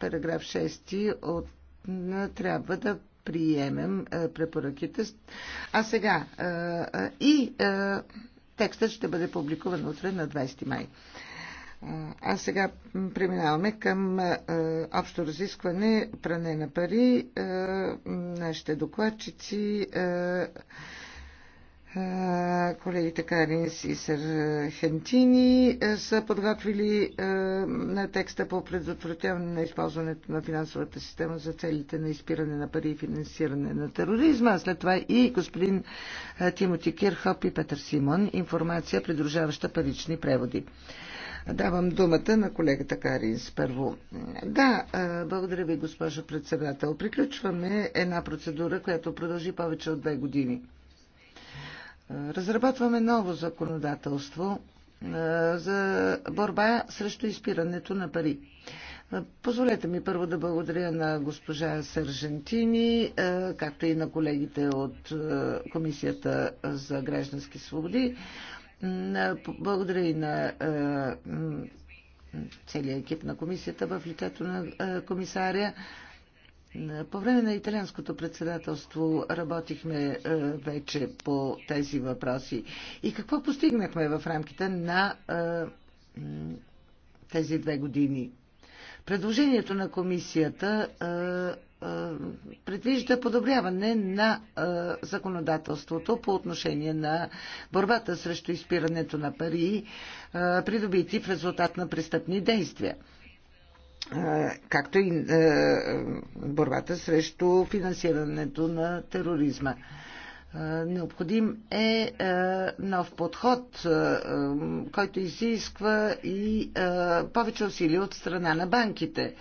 параграф 6 от, трябва да приемем е, препоръките. А сега е, е, и текстът ще бъде публикуван утре на 20 май. А сега преминаваме към общо разискване пране на пари. Нашите докладчици Колегите Каринс и Хентини е, са подготвили е, на текста по предотвратяване на използването на финансовата система за целите на изпиране на пари и финансиране на тероризма. А след това и господин е, Тимоти Кирхоп и Петър Симон. Информация, придружаваща парични преводи. Давам думата на колегата Каринс първо. Да, благодаря ви, госпожо председател. Приключваме една процедура, която продължи повече от две години. Разработваме ново законодателство е, за борба срещу изпирането на пари. Е, позволете ми първо да благодаря на госпожа Сържентини, е, както и на колегите от Комисията за граждански свободи. Благодаря и на целият екип на комисията в лицето на комисаря. По време на италианското председателство работихме е, вече по тези въпроси. И какво постигнахме в рамките на е, тези две години? Предложението на комисията е, предвижда подобряване на законодателството по отношение на борбата срещу изпирането на пари, придобити в резултат на престъпни действия както и борбата срещу финансирането на тероризма. Необходим е нов подход, който изисква и повече усилия от страна на банките,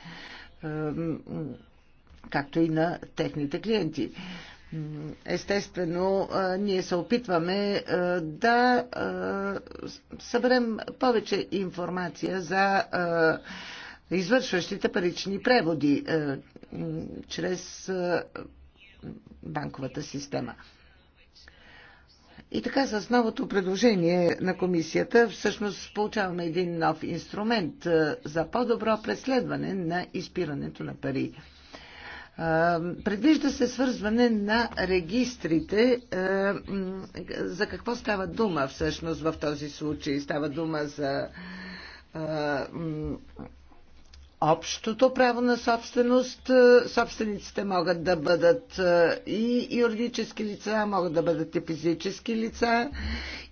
както и на техните клиенти. Естествено, ние се опитваме да съберем повече информация за извършващите парични преводи е, чрез е, банковата система. И така с новото предложение на комисията всъщност получаваме един нов инструмент е, за по-добро преследване на изпирането на пари. Е, предвижда се свързване на регистрите. Е, за какво става дума всъщност в този случай? Става дума за е, общото право на собственост. Е, собствениците могат да бъдат е, и юридически лица, могат да бъдат и физически лица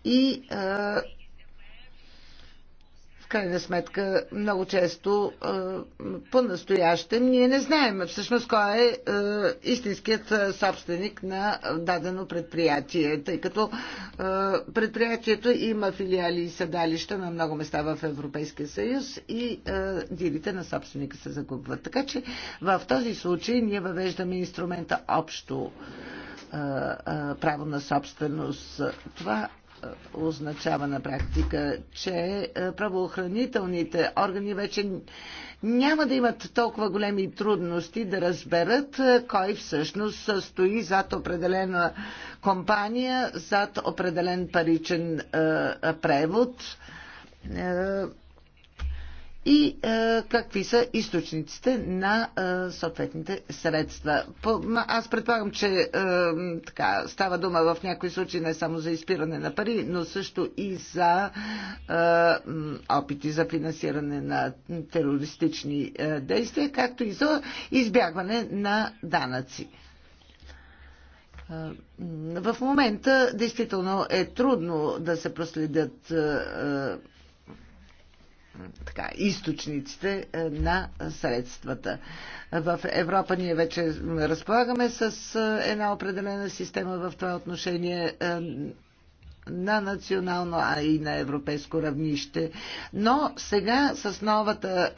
и е, крайна сметка много често по-настоящем ние не знаем всъщност кой е истинският собственик на дадено предприятие, тъй като предприятието има филиали и съдалища на много места в Европейския съюз и дилите на собственика се загубват. Така че в този случай ние въвеждаме инструмента общо право на собственост. Това означава на практика, че е, правоохранителните органи вече няма да имат толкова големи трудности да разберат е, кой всъщност стои зад определена компания, зад определен паричен е, превод и е, какви са източниците на е, съответните средства. По, аз предполагам, че е, така, става дума в някои случаи не само за изпиране на пари, но също и за е, опити за финансиране на терористични е, действия, както и за избягване на данъци. Е, в момента действително е трудно да се проследят е, така, източниците е, на средствата. В Европа ние вече разполагаме с е, една определена система в това отношение е, на национално, а и на европейско равнище. Но сега с новата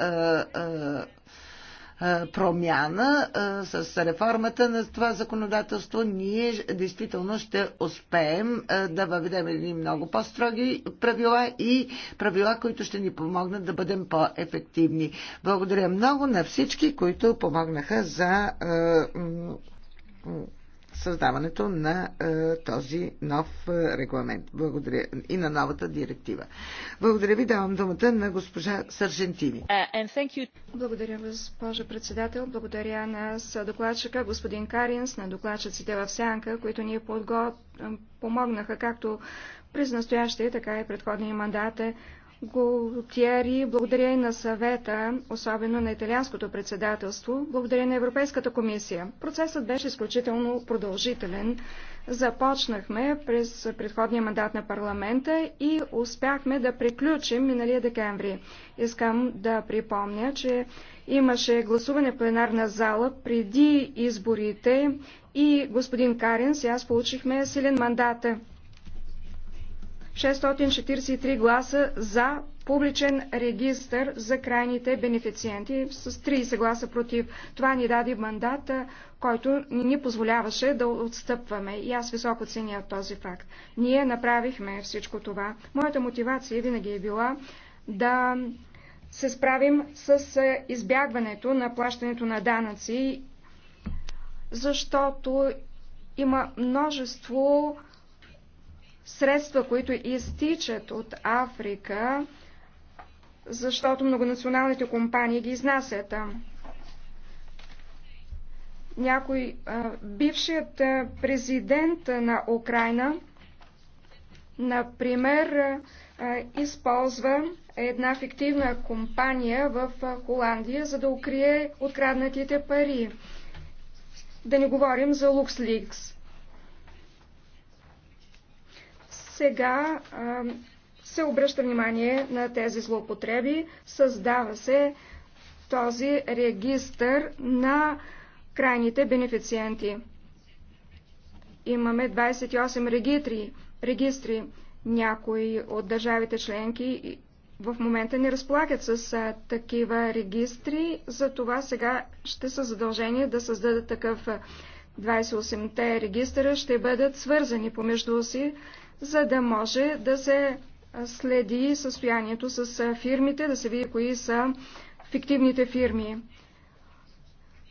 промяна с реформата на това законодателство, ние действително ще успеем да въведем едни много по-строги правила и правила, които ще ни помогнат да бъдем по-ефективни. Благодаря много на всички, които помогнаха за създаването на е, този нов е, регламент. Благодаря и на новата директива. Благодаря ви, давам думата на госпожа Сържентини. Е, Благодаря, госпожа председател. Благодаря на докладчика господин Каринс, на докладчиците в Сянка, които ни подго... помогнаха както през настоящия, така и предходния мандат Голтиери, благодаря и на съвета, особено на италианското председателство, благодаря на Европейската комисия. Процесът беше изключително продължителен. Започнахме през предходния мандат на парламента и успяхме да приключим миналия декември. Искам да припомня, че имаше гласуване в пленарна зала преди изборите и господин Каренс и аз получихме силен мандат. 643 гласа за публичен регистр за крайните бенефициенти с 30 гласа против. Това ни даде мандат, който не ни позволяваше да отстъпваме. И аз високо ценя този факт. Ние направихме всичко това. Моята мотивация винаги е била да се справим с избягването на плащането на данъци, защото има множество средства, които изтичат от Африка, защото многонационалните компании ги изнасят. Някой бившият президент на Украина, например, използва една фиктивна компания в Холандия, за да укрие откраднатите пари. Да не говорим за LuxLeaks. Сега а, се обръща внимание на тези злоупотреби, създава се този регистър на крайните бенефициенти. Имаме 28 регистри, регистри. Някои от държавите членки в момента не разполагат с а, такива регистри, затова сега ще са задължени да създадат такъв 28-те регистъра, ще бъдат свързани помежду си, за да може да се следи състоянието с фирмите, да се види кои са фиктивните фирми.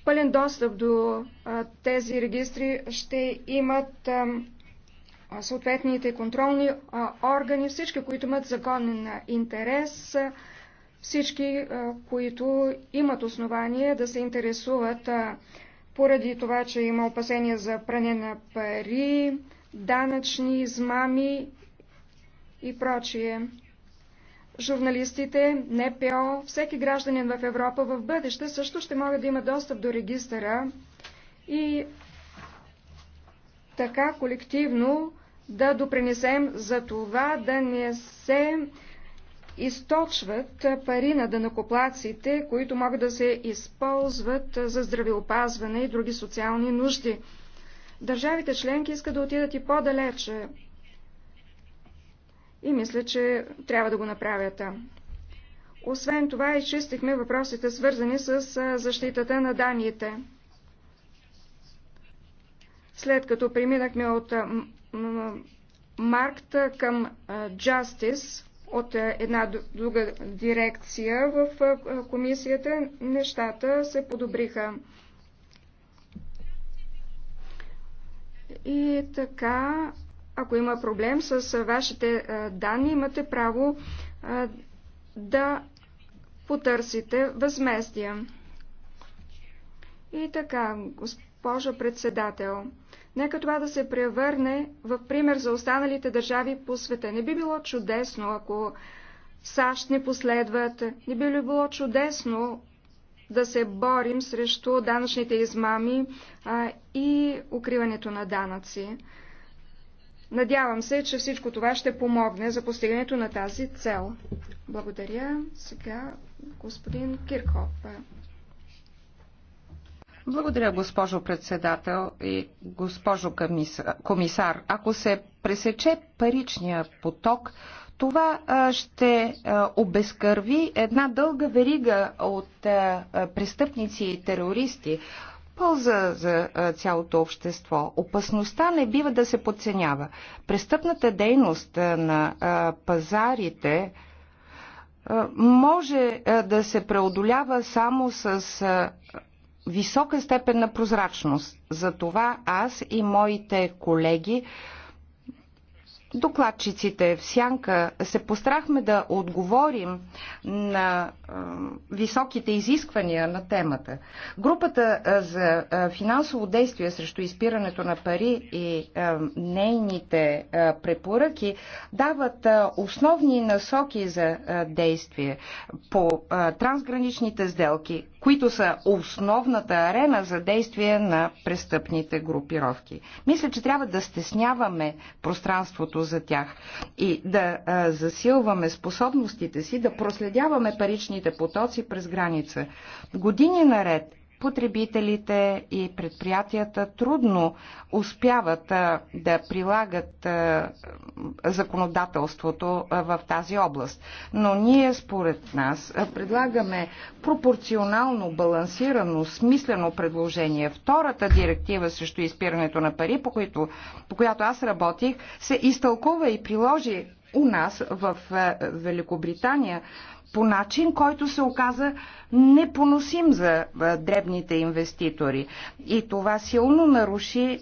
Пълен достъп до тези регистри ще имат съответните контролни органи, всички, които имат законен интерес, всички, които имат основание да се интересуват поради това, че има опасения за пране на пари, данъчни измами и прочие. Журналистите, НПО, всеки гражданин в Европа в бъдеще също ще могат да има достъп до регистъра и така колективно да допринесем за това да не се източват пари на дънакоплаците, които могат да се използват за здравеопазване и други социални нужди. Държавите членки искат да отидат и по-далече. И мисля, че трябва да го направят. Освен това, изчистихме въпросите, свързани с защитата на данните. След като преминахме от Маркт към джастис от една друга дирекция в комисията, нещата се подобриха. И така, ако има проблем с вашите данни, имате право да потърсите възместия. И така, госпожо председател, нека това да се превърне в пример за останалите държави по света. Не би било чудесно, ако САЩ не последват, не би ли било чудесно, да се борим срещу данъчните измами а, и укриването на данъци. Надявам се, че всичко това ще помогне за постигането на тази цел. Благодаря. Сега господин Киркоп. Благодаря, госпожо председател и госпожо комисар. Ако се пресече паричния поток, това ще обезкърви една дълга верига от престъпници и терористи, полза за цялото общество. Опасността не бива да се подценява. Престъпната дейност на пазарите може да се преодолява само с висока степен на прозрачност. За това аз и моите колеги докладчиците в Сянка се пострахме да отговорим на високите изисквания на темата. Групата за финансово действие срещу изпирането на пари и нейните препоръки дават основни насоки за действие по трансграничните сделки, които са основната арена за действие на престъпните групировки. Мисля, че трябва да стесняваме пространството за тях и да засилваме способностите си да проследяваме паричните потоци през граница. Години наред потребителите и предприятията трудно успяват да прилагат законодателството в тази област. Но ние, според нас, предлагаме пропорционално, балансирано, смислено предложение. Втората директива срещу изпирането на пари, по, които, по която аз работих, се изтълкува и приложи у нас в Великобритания по начин, който се оказа непоносим за дребните инвеститори. И това силно наруши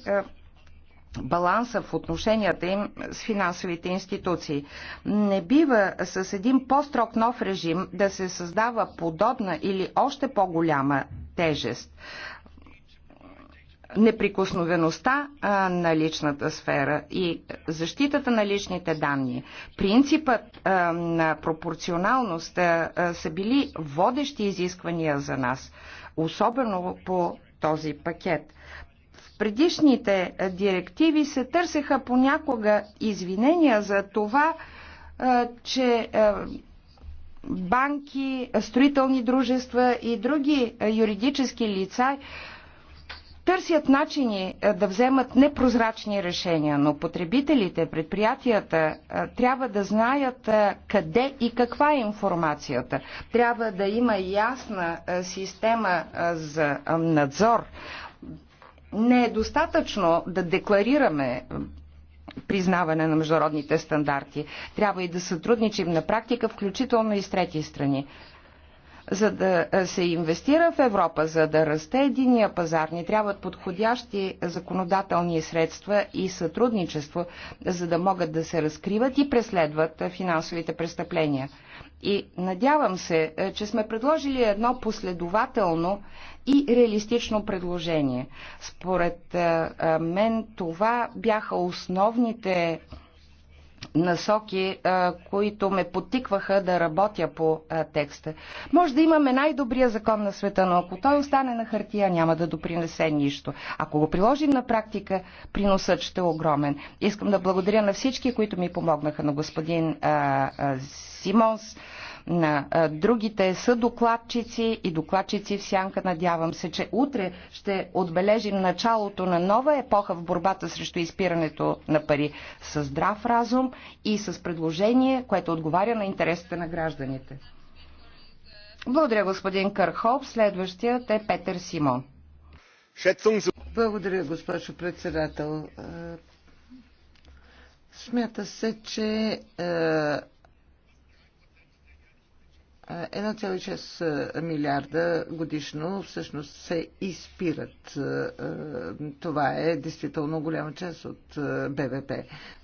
баланса в отношенията им с финансовите институции. Не бива с един по-строг нов режим да се създава подобна или още по-голяма тежест неприкосновеността на личната сфера и защитата на личните данни, принципът на пропорционалност са били водещи изисквания за нас, особено по този пакет. В предишните директиви се търсеха понякога извинения за това, че банки, строителни дружества и други юридически лица търсят начини е, да вземат непрозрачни решения, но потребителите, предприятията е, трябва да знаят е, къде и каква е информацията. Трябва да има ясна система за надзор. Не е достатъчно да декларираме признаване на международните стандарти. Трябва и да сътрудничим на практика, включително и с трети страни. За да е, се инвестира в Европа, за да расте единия пазар, ни трябват подходящи законодателни средства и сътрудничество, за да могат да се разкриват и преследват финансовите престъпления. И надявам се, е, че сме предложили едно последователно и реалистично предложение. Според е, мен това бяха основните насоки, които ме потикваха да работя по текста. Може да имаме най-добрия закон на света, но ако той остане на хартия, няма да допринесе нищо. Ако го приложим на практика, приносът ще е огромен. Искам да благодаря на всички, които ми помогнаха, на господин Симонс, на другите съдокладчици и докладчици в сянка. Надявам се, че утре ще отбележим началото на нова епоха в борбата срещу изпирането на пари с здрав разум и с предложение, което отговаря на интересите на гражданите. Благодаря, господин Кърхоп. Следващият е Петър Симон. Благодаря, госпожо председател. Е, смята се, че е, 1,6 милиарда годишно всъщност се изпират. Това е действително голяма част от БВП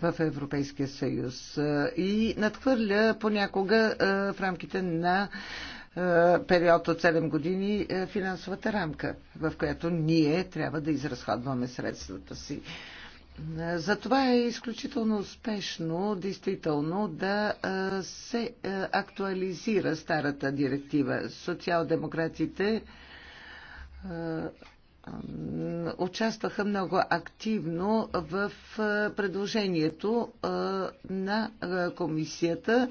в Европейския съюз и надхвърля понякога в рамките на период от 7 години финансовата рамка, в която ние трябва да изразходваме средствата си. Затова е изключително успешно, действително, да се актуализира старата директива. Социал-демократите участваха много активно в предложението на комисията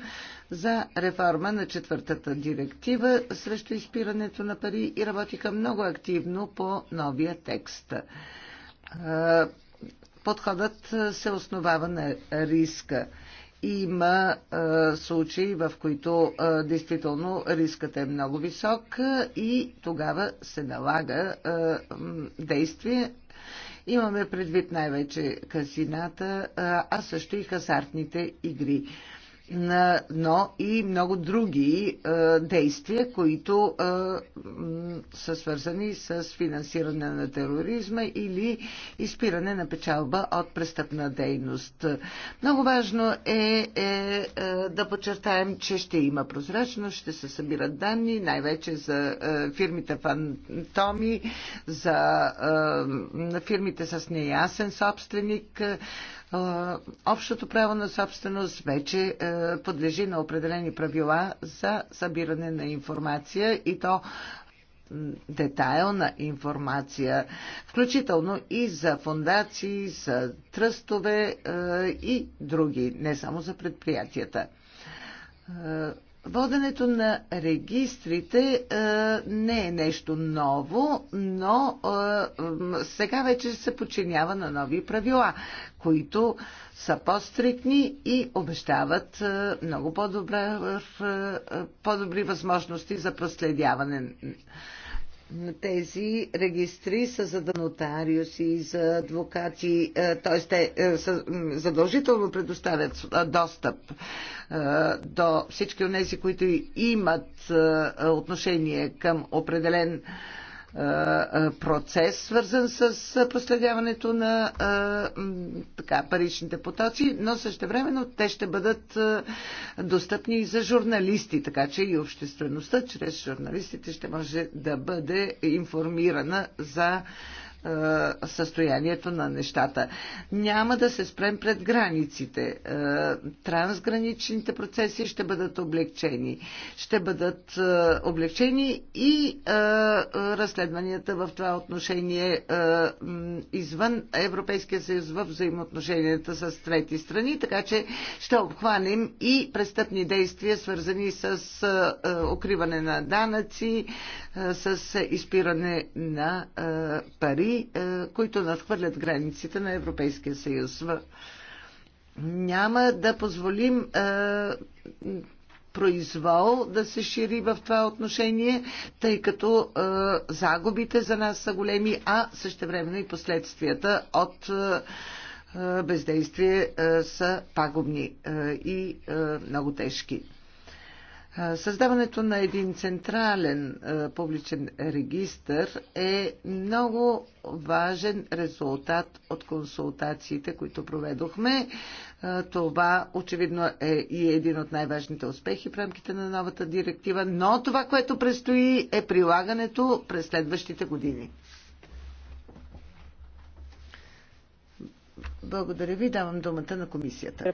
за реформа на четвъртата директива срещу изпирането на пари и работиха много активно по новия текст подходът е, се основава на риска. Има е, случаи, в които е, действително рискът е много висок е, и тогава се налага е, действие. Имаме предвид най-вече казината, е, а също и хазартните игри но и много други е, действия, които е, са свързани с финансиране на тероризма или изпиране на печалба от престъпна дейност. Много важно е, е, е да подчертаем, че ще има прозрачност, ще се събират данни, най-вече за фирмите фантоми, за фирмите с неясен собственик, общото право на собственост вече е, подлежи на определени правила за събиране на информация и то детайлна информация, включително и за фундации, за тръстове е, и други, не само за предприятията. Е, Воденето на регистрите е, не е нещо ново, но е, сега вече се подчинява на нови правила, които са по-стрикни и обещават е, много по-добри по възможности за проследяване тези регистри са за нотариуси, за адвокати, е, т.е. те задължително предоставят е, достъп е, до всички от тези, които имат отношение към определен процес, свързан с проследяването на така, паричните потоци, но същевременно те ще бъдат достъпни и за журналисти, така че и обществеността чрез журналистите ще може да бъде информирана за е, състоянието на нещата. Няма да се спрем пред границите. Е, трансграничните процеси ще бъдат облегчени. Ще бъдат е, облегчени и разследванията в това отношение извън Европейския съюз в взаимоотношенията с трети страни, така че ще обхванем и престъпни действия, свързани с укриване на данъци, с изпиране на пари е, които надхвърлят границите на Европейския съюз. Няма да позволим е, произвол да се шири в това отношение, тъй като е, загубите за нас са големи, а същевременно и последствията от бездействие са пагубни и много тежки. Създаването на един централен публичен регистр е много важен резултат от консултациите, които проведохме. Това очевидно е и един от най-важните успехи в рамките на новата директива, но това, което предстои е прилагането през следващите години. Благодаря ви. Давам думата на комисията.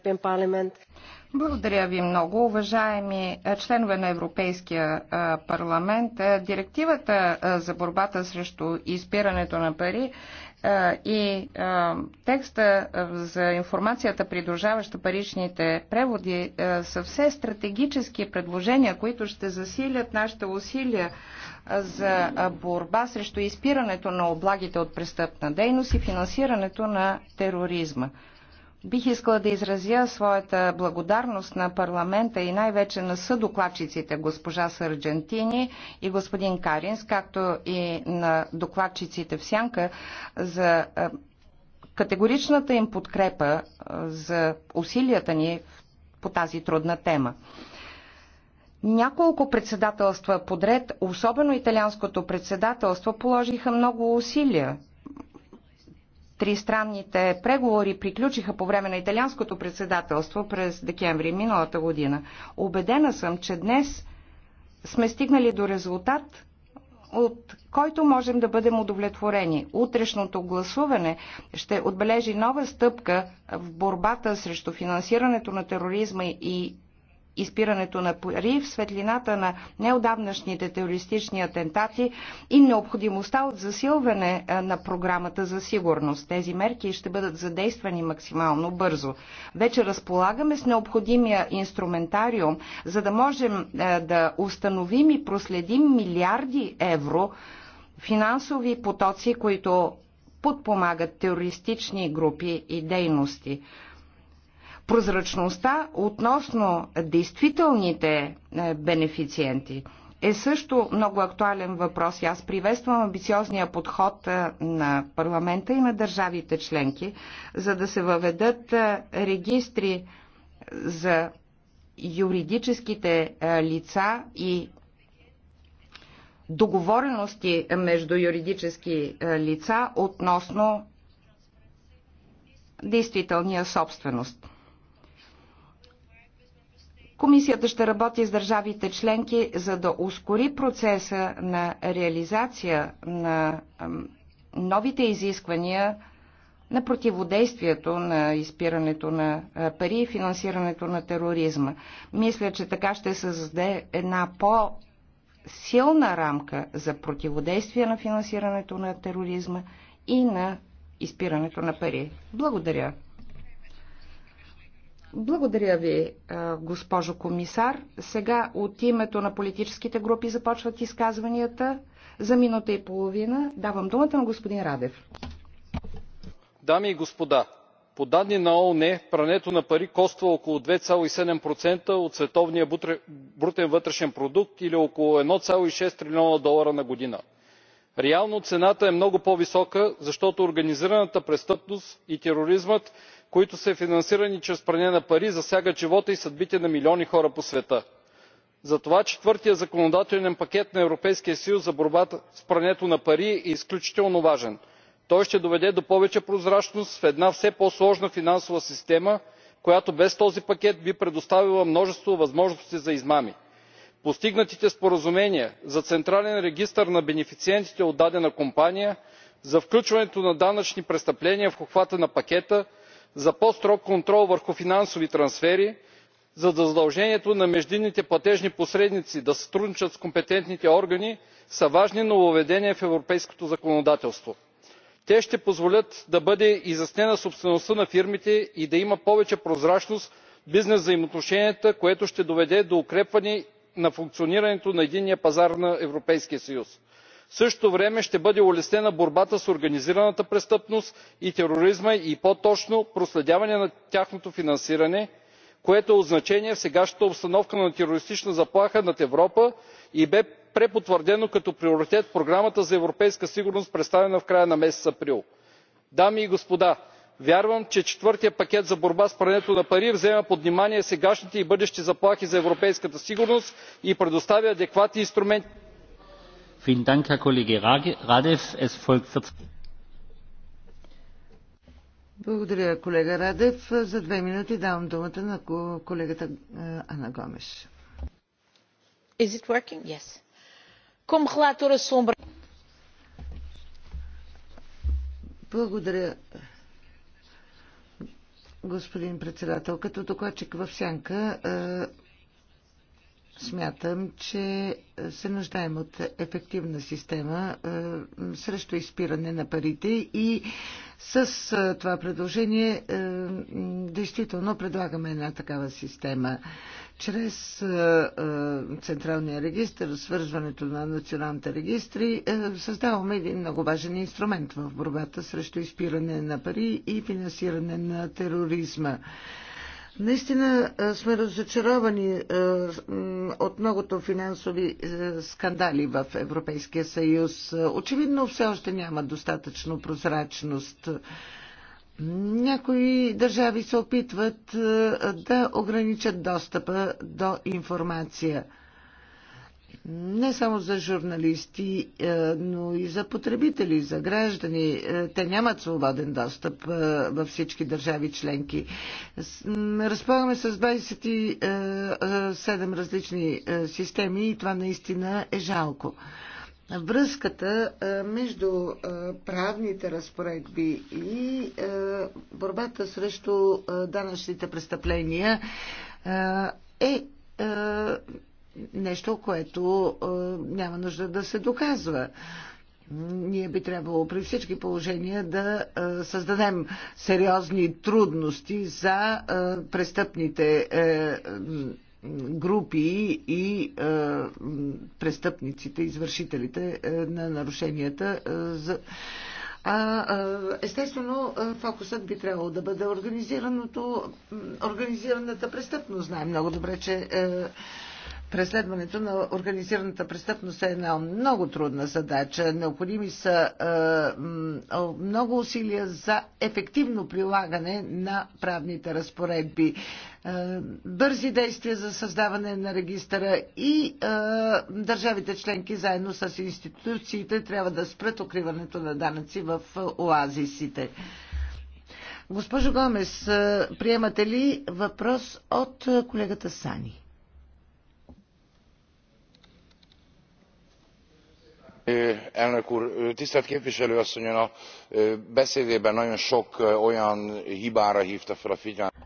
Благодаря ви много, уважаеми членове на Европейския парламент. Директивата за борбата срещу изпирането на пари и текста за информацията, придружаваща паричните преводи, са все стратегически предложения, които ще засилят нашите усилия за борба срещу изпирането на облагите от престъпна дейност и финансирането на тероризма. Бих искала да изразя своята благодарност на парламента и най-вече на съдокладчиците госпожа Сърджентини и господин Каринс, както и на докладчиците в Сянка за е, категоричната им подкрепа е, за усилията ни по тази трудна тема. Няколко председателства подред, особено италианското председателство, положиха много усилия. Тристранните преговори приключиха по време на италианското председателство през декември миналата година. Обедена съм, че днес сме стигнали до резултат, от който можем да бъдем удовлетворени. Утрешното гласуване ще отбележи нова стъпка в борбата срещу финансирането на тероризма и изпирането на пари в светлината на неодавнашните терористични атентати и необходимостта от засилване е, на програмата за сигурност. Тези мерки ще бъдат задействани максимално бързо. Вече разполагаме с необходимия инструментариум, за да можем е, да установим и проследим милиарди евро финансови потоци, които подпомагат терористични групи и дейности. Прозрачността относно действителните е, бенефициенти е също много актуален въпрос аз приветствам амбициозния подход е, на парламента и на държавите членки, за да се въведат е, регистри за юридическите лица и договорености между юридически лица относно действителния собственост. Комисията ще работи с държавите членки, за да ускори процеса на реализация на новите изисквания на противодействието на изпирането на пари и финансирането на тероризма. Мисля, че така ще създаде една по- силна рамка за противодействие на финансирането на тероризма и на изпирането на пари. Благодаря. Благодаря ви, госпожо комисар. Сега от името на политическите групи започват изказванията. За минута и половина давам думата на господин Радев. Дами и господа, по данни на оон прането на пари коства около 2,7% от световния брутен вътрешен продукт или около 1,6 трилиона долара на година. реално цената е много по висока защото организираната престъпност и тероризмът които са финансирани чрез пране на пари засягат живота и съдбите на милиони хора по света. затова четвъртият законодателен пакет на европейския съюз за борба с прането на пари е изключително важен. той ще доведе до повече прозрачност в една все по сложна финансова система която без този пакет би предоставила множество възможности за измами. постигнатите споразумения за централен регистър на бенефициентите от дадена компания за включването на данъчни престъпления в обхвата на пакета за по строг контрол върху финансови трансфери за задължението на междинните платежни посредници да сътрудничат с компетентните органи са важни нововъведения в европейското законодателство. те ще позволят да бъде изяснена собствеността на фирмите и да има повече прозрачност в бизнес взаимоотношенията което ще доведе до укрепване на функционирането на единния пазар на европейския съюз в същото време ще бъде улеснена борбата с организираната престъпност и тероризма и по точно проследяване на тяхното финансиране което е от значение в сегашната обстановка на терористична заплаха над европа и бе препотвърдено като приоритет в програмата за европейска сигурност представена в края на месец април. дами и господа вярвам че четвъртият пакет за борба с прането на пари взема под внимание сегашните и бъдещи заплахи за европейската сигурност и предоставя адекватни инструменти благодаря, колега Радев. За две минути давам думата на колегата Ана Гомеш. Благодаря, господин председател. Като докладчик в сянка Смятам, че се нуждаем от ефективна система е, срещу изпиране на парите и с е, това предложение е, действително предлагаме една такава система. Чрез е, е, Централния регистр, свързването на националните регистри, е, създаваме един много важен инструмент в борбата срещу изпиране на пари и финансиране на тероризма. Е, Наистина сме разочаровани от многото финансови скандали в Европейския съюз. Очевидно все още няма достатъчно прозрачност. Някои държави се опитват да ограничат достъпа до информация не само за журналисти, е, но и за потребители, за граждани. Е, те нямат свободен достъп е, във всички държави членки. Разполагаме с 27 различни системи и това наистина е жалко. Връзката между правните разпоредби и борбата срещу данъчните престъпления е нещо, което е, няма нужда да се доказва ние би трябвало при всички положения да е, създадем сериозни трудности за е, престъпните групи и престъпниците, извършителите на нарушенията. За... А, естествено, фокусът би трябвало да бъде организираното, организираната престъпност. Знаем много добре, че преследването на организираната престъпност е една много трудна задача. Необходими са е, много усилия за ефективно прилагане на правните разпоредби, е, бързи действия за създаване на регистъра и е, държавите членки заедно с институциите трябва да спрат укриването на данъци в оазисите. Госпожо Гомес, е, приемате ли въпрос от колегата Сани? elnök úr! tisztelt képviselő asszony ön a beszédében nagyon sok olyan hibára hvta fel a figyelmet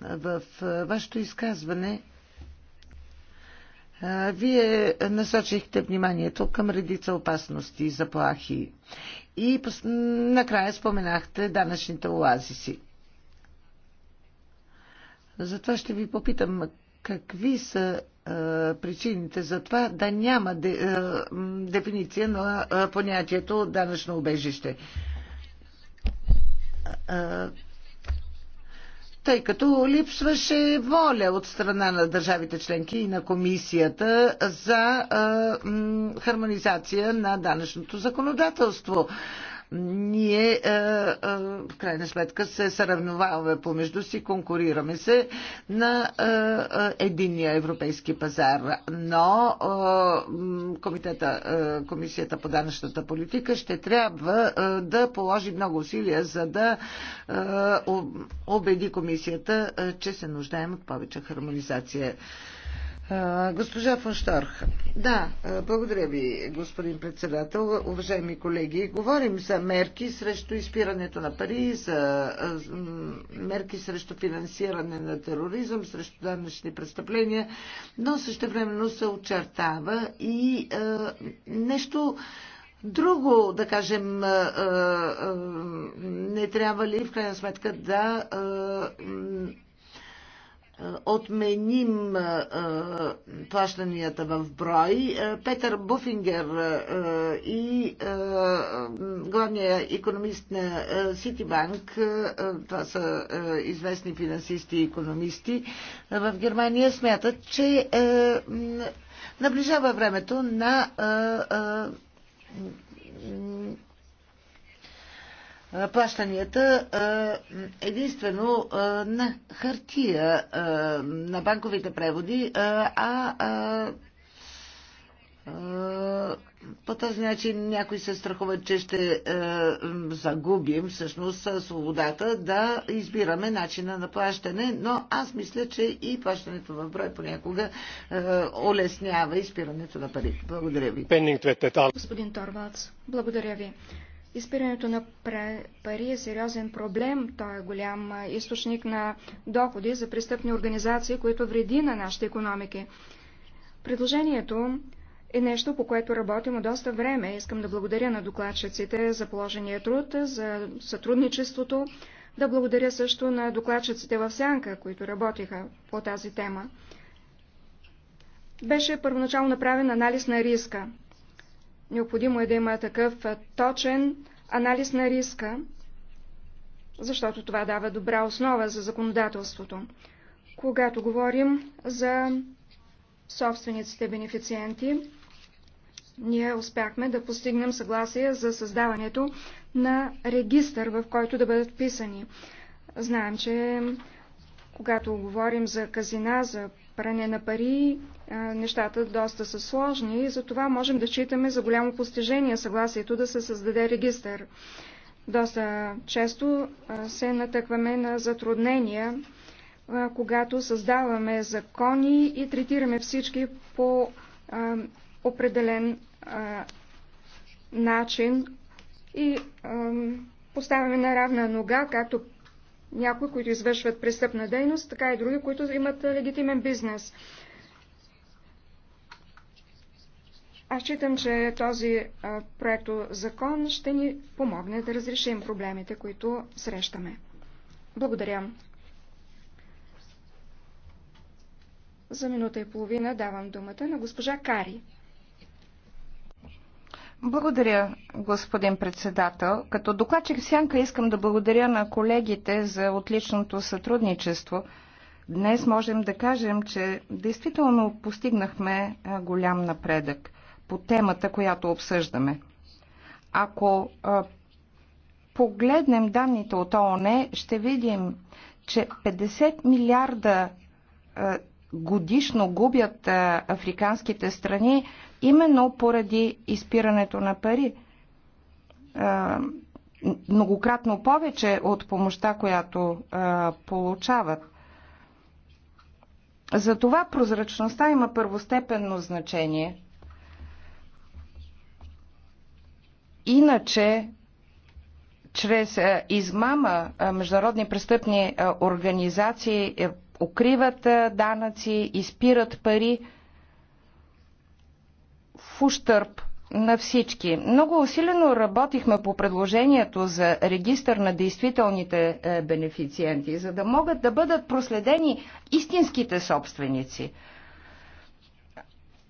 в вашето изказване вие насочихте вниманието към редица опасности и заплахи и накрая споменахте данъчните оазиси. Затова ще ви попитам какви са е, причините за това да няма е, дефиниция на е, понятието данъчно убежище. Тъй като липсваше воля от страна на държавите членки и на комисията за хармонизация на данъчното законодателство. Ние е, е, в крайна сметка се съравноваваме помежду си, конкурираме се на е, единния европейски пазар. Но комитета, комисията по данъчната политика ще трябва да положи много усилия, за да убеди комисията, че се нуждаем от повече хармонизация. Госпожа Фоншторх. Да, благодаря ви, господин председател. Уважаеми колеги, говорим за мерки срещу изпирането на пари, за мерки срещу финансиране на тероризъм, срещу данъчни престъпления, но същевременно се очертава и нещо Друго, да кажем, не трябва ли в крайна сметка да е, отменим е, е, плащанията в брой. Петър Буфингер и главният економист на Ситибанк, това са известни финансисти и економисти в Германия, смятат, че наближава времето на плащанията единствено на хартия на банковите преводи, а по този начин някои се страхуват, че ще загубим всъщност свободата да избираме начина на плащане, но аз мисля, че и плащането в брой понякога улеснява изпирането на пари. Благодаря ви. Господин Торвалц, благодаря ви. Изпирането на пари е сериозен проблем. Той е голям източник на доходи за престъпни организации, които вреди на нашите економики. Предложението е нещо, по което работим от доста време. Искам да благодаря на докладчиците за положения труд, за сътрудничеството. Да благодаря също на докладчиците в Сянка, които работиха по тази тема. Беше първоначално направен анализ на риска. Необходимо е да има такъв точен анализ на риска, защото това дава добра основа за законодателството. Когато говорим за собствениците бенефициенти, ние успяхме да постигнем съгласие за създаването на регистър, в който да бъдат писани. Знаем, че когато говорим за казина, за пране на пари, нещата доста са сложни и за това можем да читаме за голямо постижение съгласието да се създаде регистър. Доста често се натъкваме на затруднения, когато създаваме закони и третираме всички по определен начин и поставяме на равна нога, както някои, които извършват престъпна дейност, така и други, които имат легитимен бизнес. Аз считам, че този проекто закон ще ни помогне да разрешим проблемите, които срещаме. Благодаря. За минута и половина давам думата на госпожа Кари. Благодаря, господин председател. Като докладчик Сянка искам да благодаря на колегите за отличното сътрудничество. Днес можем да кажем, че действително постигнахме голям напредък по темата, която обсъждаме. Ако погледнем данните от ООН, ще видим, че 50 милиарда годишно губят африканските страни именно поради изпирането на пари. Многократно повече от помощта, която получават. Затова прозрачността има първостепенно значение – Иначе, чрез е, измама, е, международни престъпни е, организации укриват данъци, изпират пари в ущърп на всички. Много усилено работихме по предложението за регистър на действителните бенефициенти, за да могат да бъдат проследени истинските собственици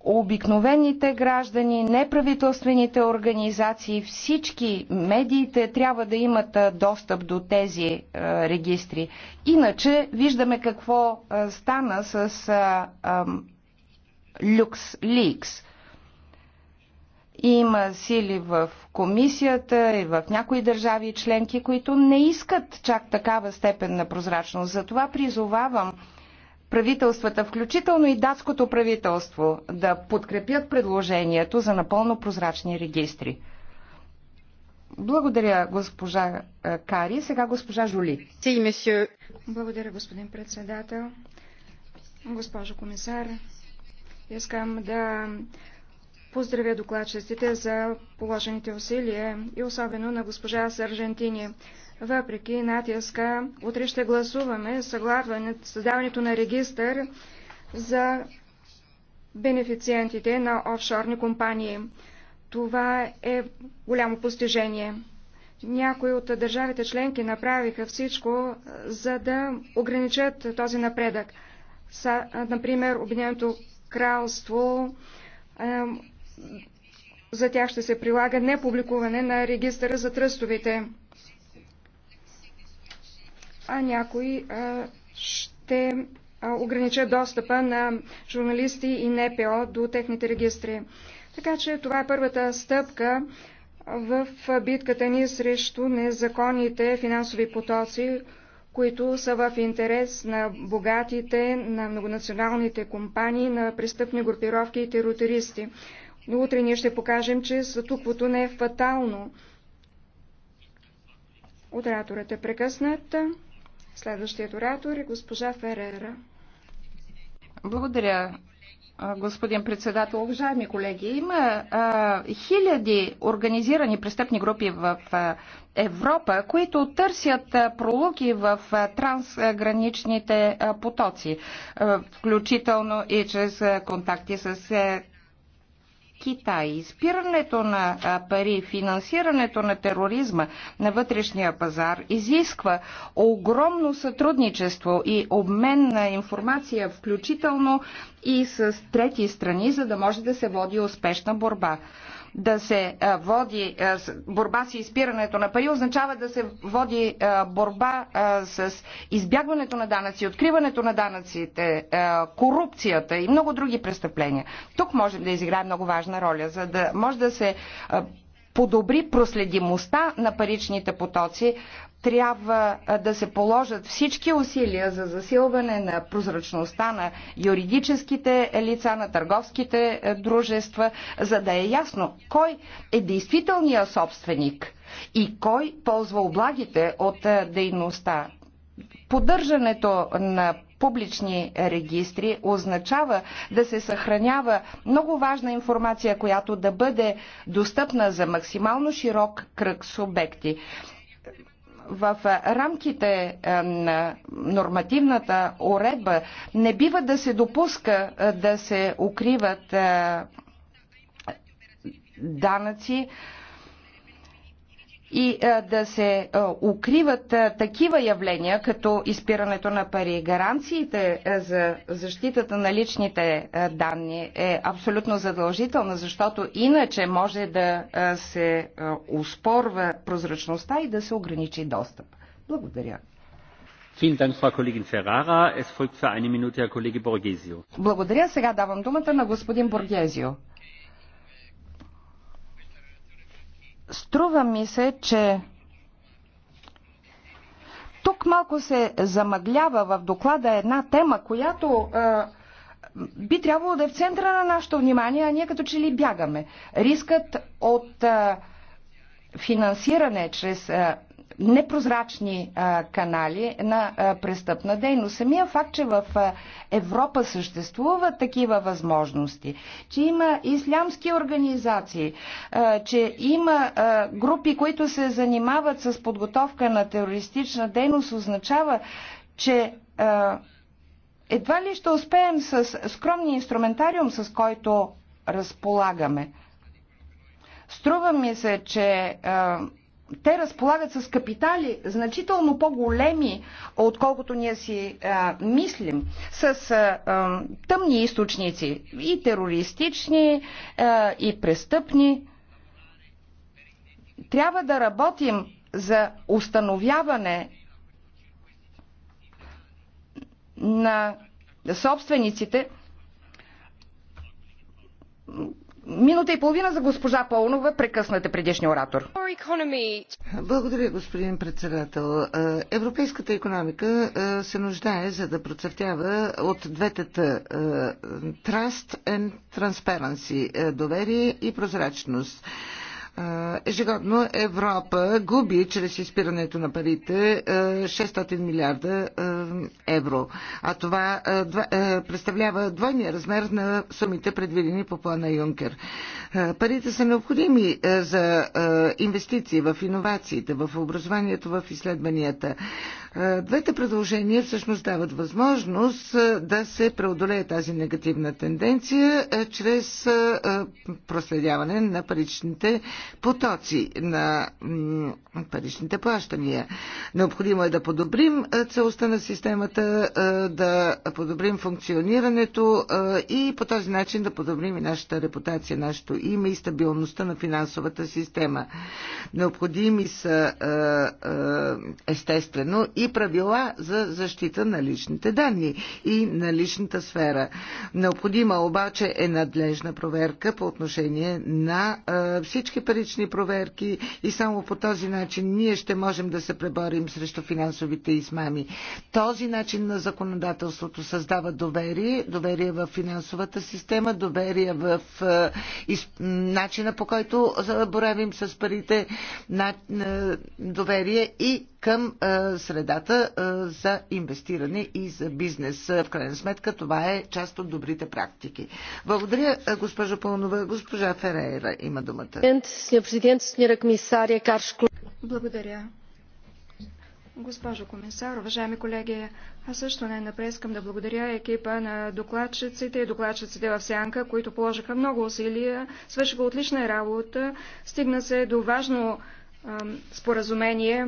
обикновените граждани, неправителствените организации, всички медиите трябва да имат достъп до тези регистри. Иначе виждаме какво стана с LuxLeaks. Има сили в комисията и в някои държави членки, които не искат чак такава степен на прозрачност. Затова призовавам правителствата, включително и датското правителство, да подкрепят предложението за напълно прозрачни регистри. Благодаря, госпожа е, Кари. Сега госпожа Жули. Благодаря, господин председател. Госпожо комисар, искам да поздравя докладчиците за положените усилия и особено на госпожа Саржентини. Въпреки натиска, утре ще гласуваме създаването на регистър за бенефициентите на офшорни компании. Това е голямо постижение. Някои от държавите членки направиха всичко, за да ограничат този напредък. Са, например, Обединеното кралство е, за тях ще се прилага непубликуване на регистъра за тръстовите а някои ще ограничат достъпа на журналисти и НПО до техните регистри. Така че това е първата стъпка в битката ни срещу незаконните финансови потоци, които са в интерес на богатите, на многонационалните компании, на престъпни групировки и терористи. Но утре ние ще покажем, че сътуквото не е фатално. Утраторът е прекъснат. Следващият оратор е госпожа Ферера. Благодаря, господин председател. Уважаеми колеги, има а, хиляди организирани престъпни групи в а, Европа, които търсят а, пролуки в а, трансграничните а, потоци, а, включително и чрез а, контакти с а, Китай. Изпирането на пари, финансирането на тероризма на вътрешния пазар изисква огромно сътрудничество и обмен на информация, включително и с трети страни, за да може да се води успешна борба да се води борба с изпирането на пари, означава да се води борба с избягването на данъци, откриването на данъците, корупцията и много други престъпления. Тук можем да изиграем много важна роля, за да може да се подобри проследимостта на паричните потоци трябва да се положат всички усилия за засилване на прозрачността на юридическите лица, на търговските дружества, за да е ясно кой е действителният собственик и кой ползва облагите от дейността. Поддържането на публични регистри означава да се съхранява много важна информация, която да бъде достъпна за максимално широк кръг субекти в рамките на нормативната уредба не бива да се допуска да се укриват данъци и да се укриват такива явления, като изпирането на пари. Гаранциите за защитата на личните данни е абсолютно задължителна, защото иначе може да се успорва прозрачността и да се ограничи достъп. Благодаря. Благодаря. Сега давам думата на господин Боргезио. Струва ми се, че тук малко се замъглява в доклада една тема, която а, би трябвало да е в центъра на нашето внимание, а ние като че ли бягаме. Рискът от а, финансиране чрез непрозрачни а, канали на а, престъпна дейност. Самия факт, че в а, Европа съществуват такива възможности, че има ислямски организации, а, че има а, групи, които се занимават с подготовка на терористична дейност, означава, че а, едва ли ще успеем с скромния инструментариум, с който разполагаме. Струва ми се, че а, те разполагат с капитали значително по-големи, отколкото ние си а, е, мислим, с а, е, а, е, тъмни източници и терористични, а, и престъпни. Трябва да работим за установяване на собствениците, Минута и половина за госпожа Пълнова, прекъснате предишния оратор. Благодаря, господин председател. Е, европейската економика е, се нуждае за да процъфтява от двете е, Trust and Transparency, доверие и прозрачност. Ежегодно Европа губи чрез изпирането на парите 600 милиарда евро, а това представлява двойния размер на сумите предвидени по плана Юнкер. Парите са необходими за инвестиции в иновациите, в образованието, в изследванията. Двете предложения всъщност дават възможност да се преодолее тази негативна тенденция чрез проследяване на паричните потоци на паричните плащания. Необходимо е да подобрим целостта на системата, да подобрим функционирането и по този начин да подобрим и нашата репутация, нашето име и стабилността на финансовата система. Необходими са естествено и правила за защита на личните данни и на личната сфера. Необходима обаче е надлежна проверка по отношение на всички парични проверки и само по този начин ние ще можем да се преборим срещу финансовите измами. Този начин на законодателството създава доверие, доверие в финансовата система, доверие в е, начина по който е, боравим с парите, е, доверие и към средата за инвестиране и за бизнес. В крайна сметка това е част от добрите практики. Благодаря, госпожа Пълнова. Госпожа Ферейра има думата. Благодаря. Госпожо комисар, уважаеми колеги, аз също най-напред искам да благодаря екипа на докладчиците и докладчиците в Сянка, които положиха много усилия, свършиха отлична работа, стигна се до важно споразумение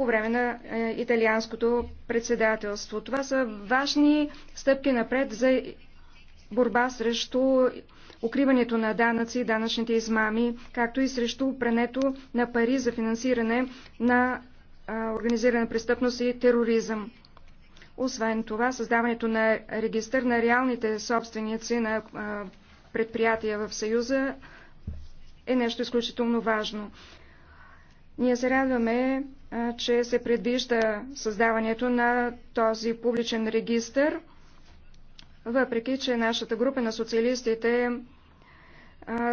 по време на е, италианското председателство. Това са важни стъпки напред за борба срещу укриването на данъци и данъчните измами, както и срещу прането на пари за финансиране на организирана престъпност и тероризъм. Освен това, създаването на регистър на реалните собственици на предприятия в Съюза е нещо изключително важно. Ние се радваме, че се предвижда създаването на този публичен регистр, въпреки че нашата група на социалистите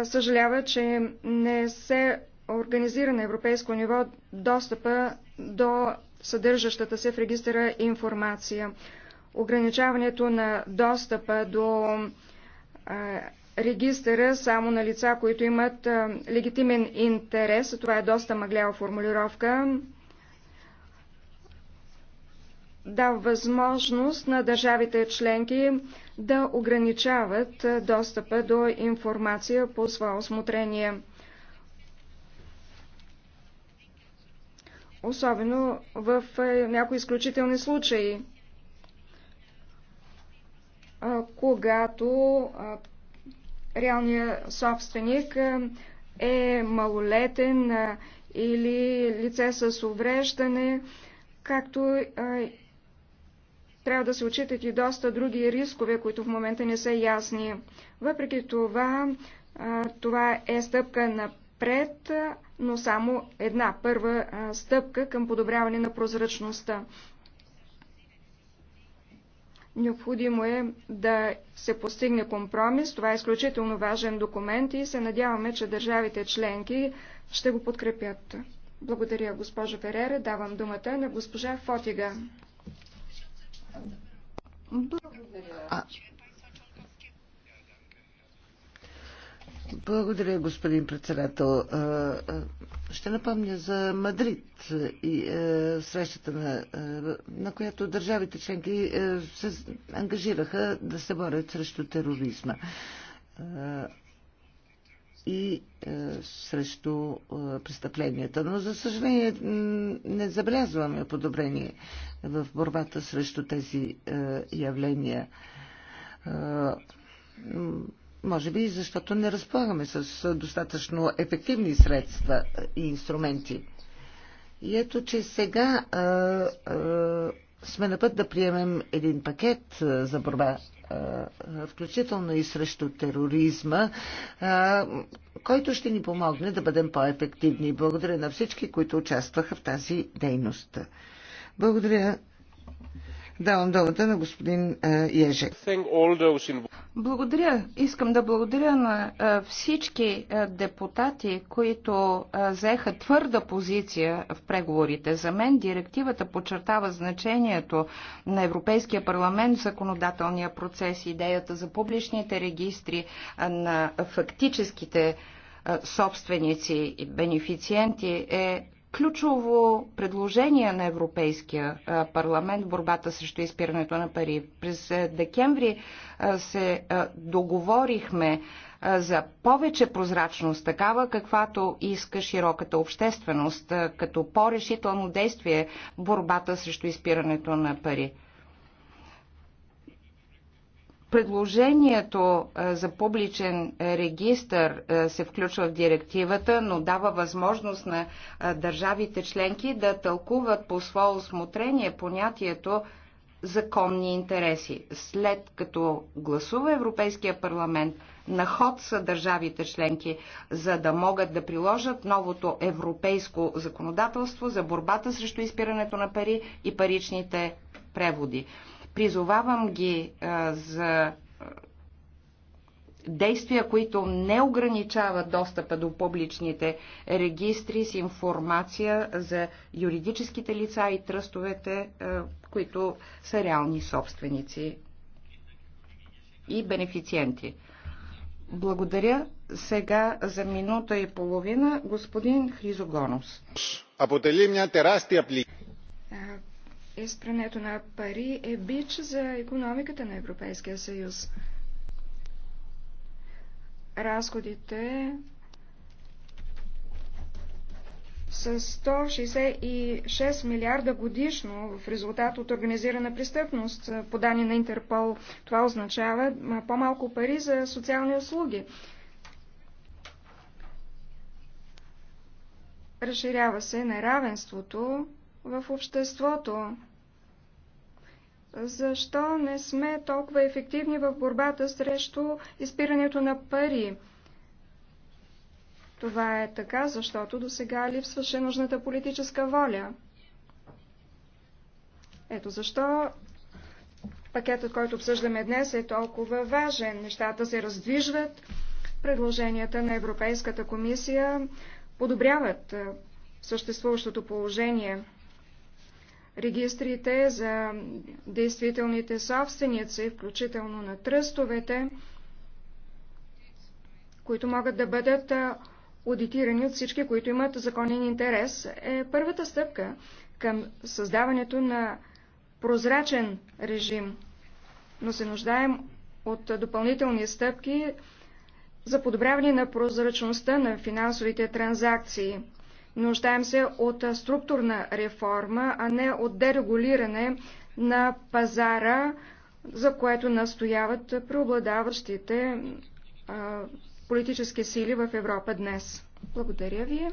съжалява, че не се организира на европейско ниво достъпа до съдържащата се в регистъра информация. Ограничаването на достъпа до регистъра само на лица, които имат легитимен интерес, това е доста мъглява формулировка, дава възможност на държавите членки да ограничават достъпа до информация по своя осмотрение. Особено в някои изключителни случаи, когато реалният собственик е малолетен или лице с увреждане, както трябва да се отчитат и доста други рискове, които в момента не са ясни. Въпреки това, това е стъпка напред, но само една първа стъпка към подобряване на прозрачността. Необходимо е да се постигне компромис. Това е изключително важен документ и се надяваме, че държавите членки ще го подкрепят. Благодаря, госпожо Ферера. Давам думата на госпожа Фотига. Благодаря. Благодаря, господин председател. Ще напомня за Мадрид и срещата, на, на която държавите членки се ангажираха да се борят срещу тероризма и е, срещу е, престъпленията. Но, за съжаление, не забелязваме подобрение в борбата срещу тези е, явления. Е, може би защото не разполагаме с достатъчно ефективни средства и инструменти. И ето, че сега е, е сме на път да приемем един пакет за борба, включително и срещу тероризма, който ще ни помогне да бъдем по-ефективни. Благодаря на всички, които участваха в тази дейност. Благодаря Давам думата на господин е, Ежек. Благодаря. Искам да благодаря на е, всички е, депутати, които заеха твърда позиция в преговорите. За мен директивата подчертава значението на Европейския парламент в законодателния процес, идеята за публичните регистри на фактическите собственици и бенефициенти е ключово предложение на Европейския парламент в борбата срещу изпирането на пари. През декември се договорихме за повече прозрачност, такава каквато иска широката общественост, като по-решително действие в борбата срещу изпирането на пари. Предложението е, за публичен е, регистр е, се включва в директивата, но дава възможност на държавите членки да тълкуват по свое осмотрение понятието законни интереси. След като гласува Европейския парламент, на ход са държавите членки, за да могат да приложат новото европейско законодателство за борбата срещу изпирането на пари и паричните преводи. Призовавам ги за действия, които не ограничават достъпа до публичните регистри с информация за юридическите лица и тръстовете, които са реални собственици и бенефициенти. Благодаря. Сега за минута и половина господин Хризогонос. Αποτελεί μια τεράστια πληγή изпрането е на пари е бич за економиката на Европейския съюз. Разходите с 166 милиарда годишно в резултат от организирана престъпност, по данни на Интерпол. Това означава по-малко пари за социални услуги. Разширява се неравенството в обществото защо не сме толкова ефективни в борбата срещу изпирането на пари. Това е така, защото до сега липсваше нужната политическа воля. Ето защо пакетът, който обсъждаме днес, е толкова важен. Нещата се раздвижват, предложенията на Европейската комисия подобряват съществуващото положение регистрите за действителните собственици, включително на тръстовете, които могат да бъдат аудитирани от всички, които имат законен интерес, е първата стъпка към създаването на прозрачен режим. Но се нуждаем от допълнителни стъпки за подобряване на прозрачността на финансовите транзакции. Нуждаем се от структурна реформа, а не от дерегулиране на пазара, за което настояват преобладаващите политически сили в Европа днес. Благодаря ви.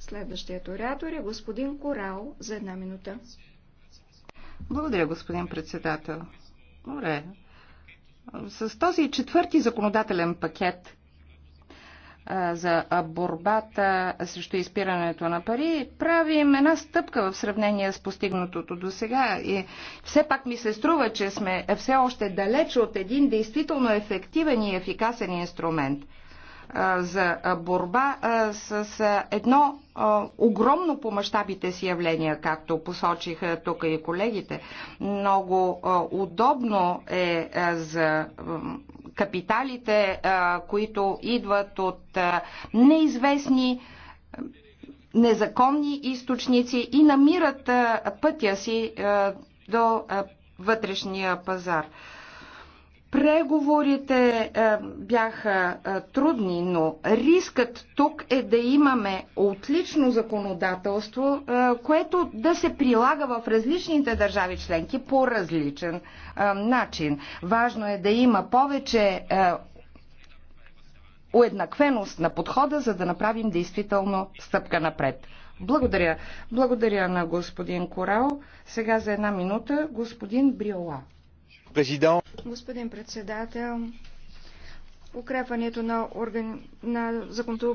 Следващият оратор е господин Корал за една минута. Благодаря, господин председател. Добре. С този четвърти законодателен пакет за борбата срещу изпирането на пари, правим една стъпка в сравнение с постигнатото до сега. И все пак ми се струва, че сме все още далече от един действително ефективен и ефикасен инструмент за борба с едно огромно по мащабите си явление, както посочиха тук и колегите. Много удобно е за капиталите, които идват от неизвестни незаконни източници и намират пътя си до вътрешния пазар. Преговорите е, бяха е, трудни, но рискът тук е да имаме отлично законодателство, е, което да се прилага в различните държави членки по различен е, начин. Важно е да има повече е, уеднаквеност на подхода, за да направим действително стъпка напред. Благодаря. Благодаря на господин Корал. Сега за една минута господин Бриола. Президент. Господин председател, укрепването на, орган... на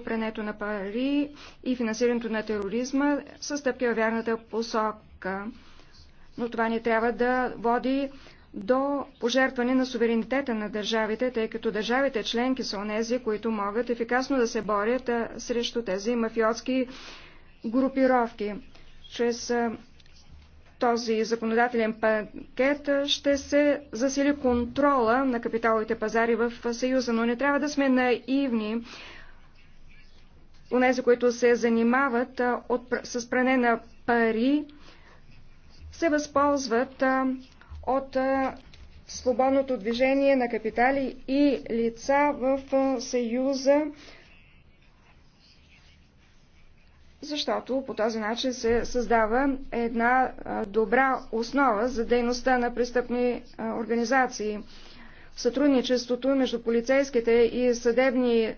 пренето на пари и финансирането на тероризма са стъпки във вярната посока. Но това не трябва да води до пожертване на суверенитета на държавите, тъй като държавите членки са онези, които могат ефикасно да се борят срещу тези мафиотски групировки. Чрез този законодателен пакет ще се засили контрола на капиталовите пазари в Съюза, но не трябва да сме наивни. нези, които се занимават от, с пране на пари, се възползват от свободното движение на капитали и лица в Съюза защото по този начин се създава една добра основа за дейността на престъпни организации. Сътрудничеството между полицейските и съдебни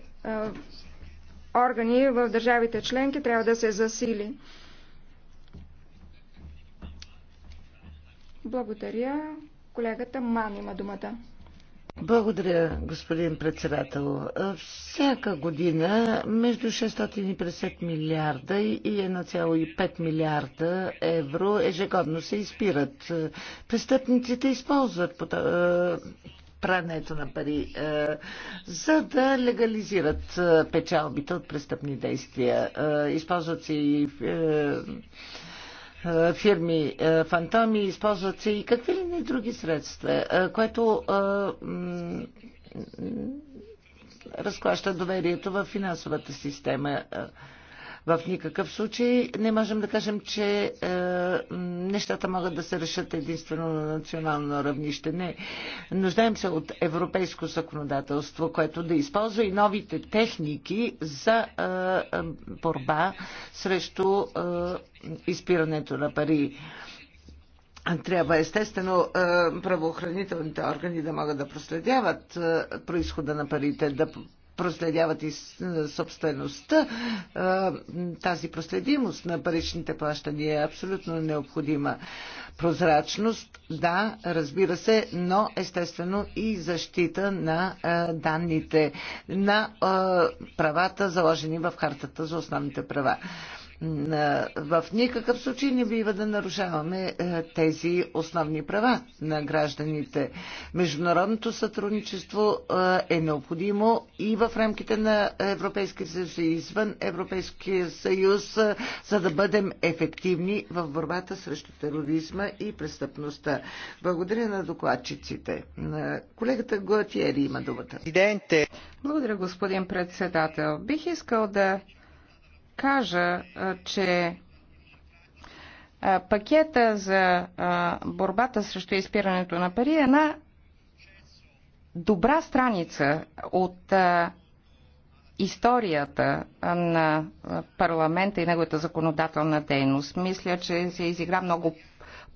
органи в държавите членки трябва да се засили. Благодаря. Колегата Ман има думата. Благодаря, господин председател. Е, всяка година между 650 милиарда и 1,5 милиарда евро ежегодно се изпират. Е, престъпниците използват е, прането на пари, за да легализират печалбите от престъпни действия. Използват се и е, фирми е, фантоми, използват се и какви ли не други средства, е, което разклаща доверието в финансовата система. В никакъв случай не можем да кажем, че е, нещата могат да се решат единствено на национално равнище. Не. Нуждаем се от европейско законодателство, което да използва и новите техники за е, е борба срещу е, изпирането на пари. Трябва естествено е, правоохранителните органи да могат да проследяват е, происхода на парите, да проследяват и е, собствеността. Е, тази проследимост на паричните плащания е абсолютно необходима. Прозрачност, да, разбира се, но естествено и защита на е, данните, на правата, заложени в хартата за основните права. В никакъв случай не бива да нарушаваме е, тези основни права на гражданите. Международното сътрудничество е, е необходимо и в рамките на Европейския съюз и извън Европейския съюз, е, за да бъдем ефективни в борбата срещу тероризма и престъпността. Благодаря на докладчиците. Колегата Гуатиери има думата. Благодаря, господин председател. Бих искал да кажа, че пакета за борбата срещу изпирането на пари е една добра страница от историята на парламента и неговата законодателна дейност. Мисля, че се изигра много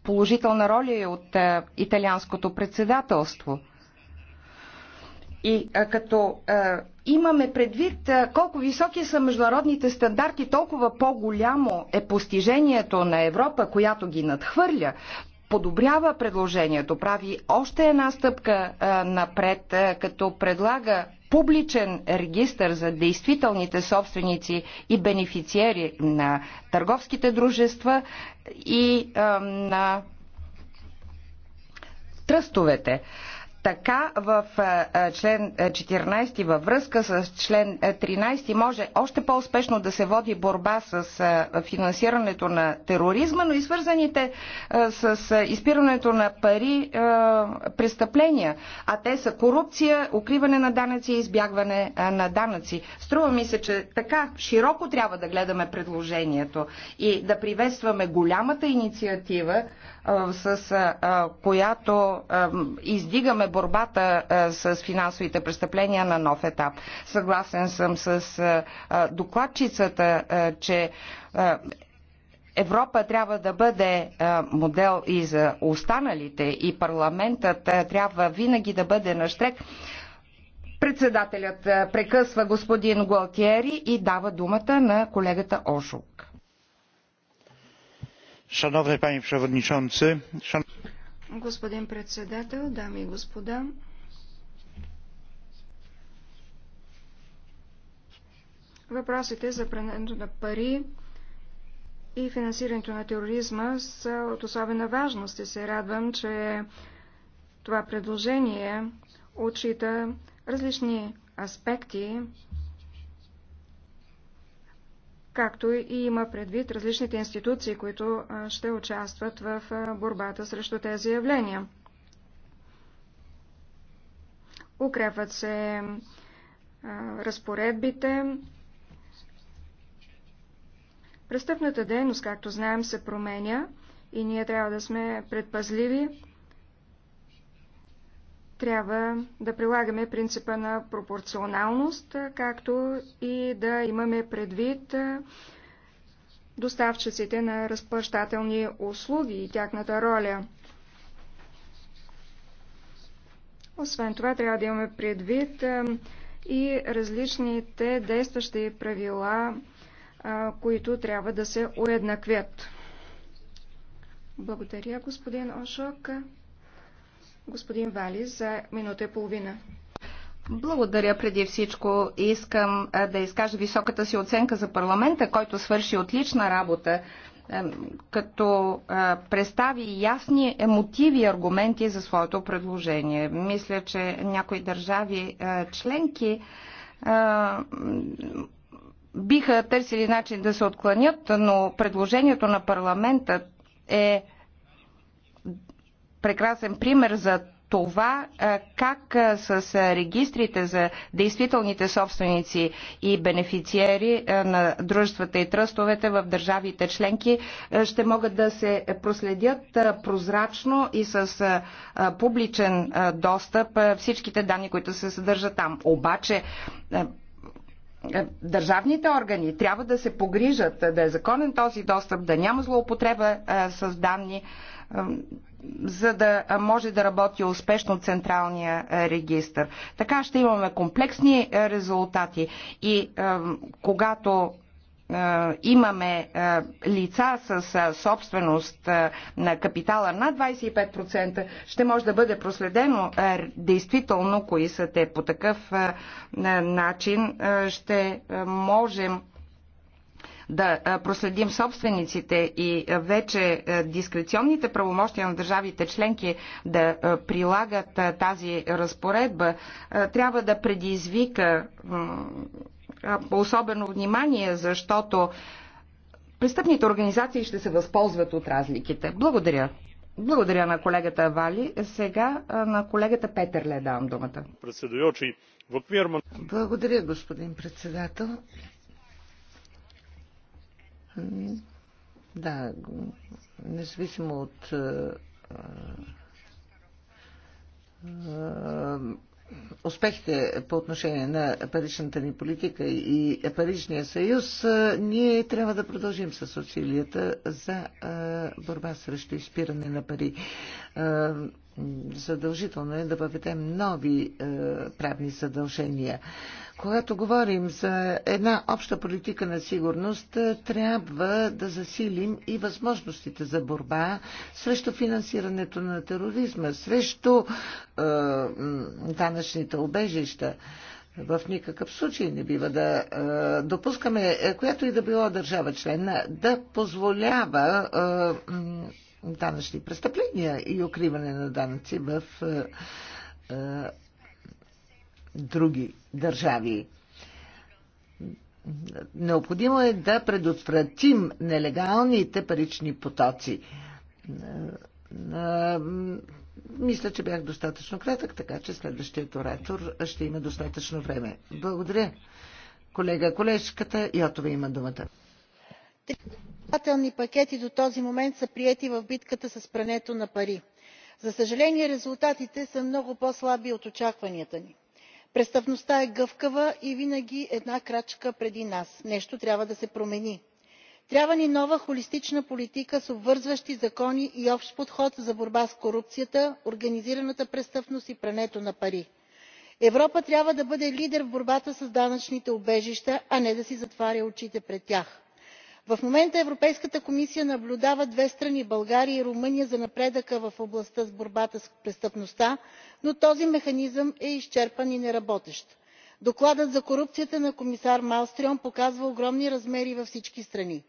положителна роля и от италианското председателство. И като имаме предвид колко високи са международните стандарти, толкова по-голямо е постижението на Европа, която ги надхвърля, подобрява предложението, прави още една стъпка напред, като предлага публичен регистр за действителните собственици и бенефициери на търговските дружества и на тръстовете. Така в е, е, член 14 е, във връзка с член 13 може още по-успешно да се води борба с финансирането на тероризма, но и свързаните с изпирането на пари престъпления, а те са корупция, укриване на данъци и избягване на данъци. Струва ми се, че така широко трябва да гледаме предложението и да приветстваме голямата инициатива с която издигаме борбата с финансовите престъпления на нов етап. Съгласен съм с докладчицата, че Европа трябва да бъде модел и за останалите и парламентът трябва винаги да бъде на штрек. Председателят прекъсва господин Гуалтиери и дава думата на колегата Ошук. Господин председател, дами и господа, въпросите за прането на пари и финансирането на тероризма са от особена важност и се радвам, че това предложение отчита различни аспекти както и има предвид различните институции, които ще участват в борбата срещу тези явления. Укрепват се разпоредбите. Престъпната дейност, както знаем, се променя и ние трябва да сме предпазливи трябва да прилагаме принципа на пропорционалност, както и да имаме предвид доставчиците на разплащателни услуги и тяхната роля. Освен това, трябва да имаме предвид и различните действащи правила, които трябва да се уеднаквят. Благодаря, господин Ошок господин Вали за минута и половина. Благодаря преди всичко. Искам да изкажа високата си оценка за парламента, който свърши отлична работа, като представи ясни мотиви и аргументи за своето предложение. Мисля, че някои държави членки биха търсили начин да се отклонят, но предложението на парламента е прекрасен пример за това как с регистрите за действителните собственици и бенефициери на дружествата и тръстовете в държавите членки ще могат да се проследят прозрачно и с публичен достъп всичките данни, които се съдържат там. Обаче държавните органи трябва да се погрижат да е законен този достъп, да няма злоупотреба с данни за да може да работи успешно централния е, регистр. Така ще имаме комплексни е, резултати и е, когато имаме лица с собственост на капитала на 25%, ще може да бъде проследено действително кои са те. По такъв начин ще можем да проследим собствениците и вече дискреционните правомощия на държавите членки да прилагат тази разпоредба, трябва да предизвика особено внимание, защото престъпните организации ще се възползват от разликите. Благодаря. Благодаря на колегата Вали. Сега на колегата Петър Ле давам думата. Благодаря, господин председател. Да, независимо от е, е, успехите по отношение на паричната ни политика и паричния съюз, е, ние трябва да продължим с усилията за борба срещу изпиране на пари. Задължително е да въведем нови правни задължения. Когато говорим за една обща политика на сигурност, е, трябва да засилим и възможностите за борба срещу финансирането на тероризма, срещу е, данъчните обежища. В никакъв случай не бива да е, допускаме, е, която и да била държава член, да позволява е, данъчни престъпления и укриване на данъци в е, е други държави. Необходимо е да предотвратим нелегалните парични потоци. Мисля, че бях достатъчно кратък, така че следващият оратор ще има достатъчно време. Благодаря. Колега, колежката Йотова има думата. Три пакети до този момент са приети в битката с прането на пари. За съжаление, резултатите са много по-слаби от очакванията ни престъпността е гъвкава и винаги една крачка преди нас. нещо трябва да се промени. трябва ни нова холистична политика с обвързващи закони и общ подход за борба с корупцията организираната престъпност и прането на пари. европа трябва да бъде лидер в борбата с данъчните убежища а не да си затваря очите пред тях в момента европейската комисия наблюдава две страни българя и румъния за напредъка в областта на борбата с престъпността но този механизъм е изчерпан и неработещ. докладът за корупцията на комисар Малстрион показва огромни размери във всички страни.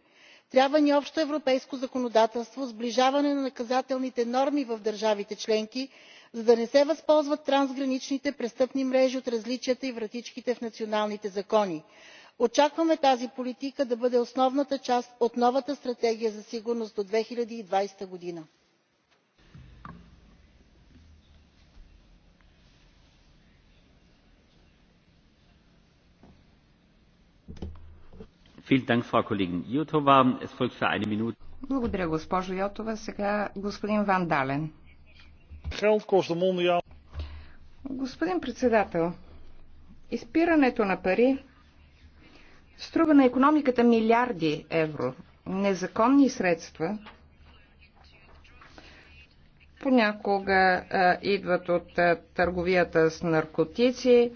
трябва ни общо европейско законодателство сближаване на наказателните норми в държавите членки за да не се възползват трансграничните престъпни мрежи от различията и вратичките в националните закони очакваме тази политика да бъде основната част от новата стратегия за сигурност до 2020 година. Благодаря, госпожо Йотова. Сега господин Ван Дален. Господин председател, изпирането на пари струва на економиката милиарди евро. Незаконни средства понякога а, идват от а, търговията с наркотици,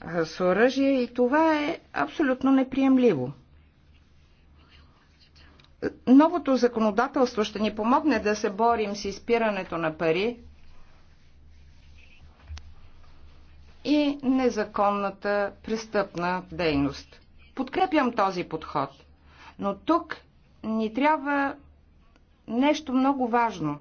а, с оръжие и това е абсолютно неприемливо. Новото законодателство ще ни помогне да се борим с изпирането на пари и незаконната престъпна дейност. Подкрепям този подход. Но тук ни трябва нещо много важно.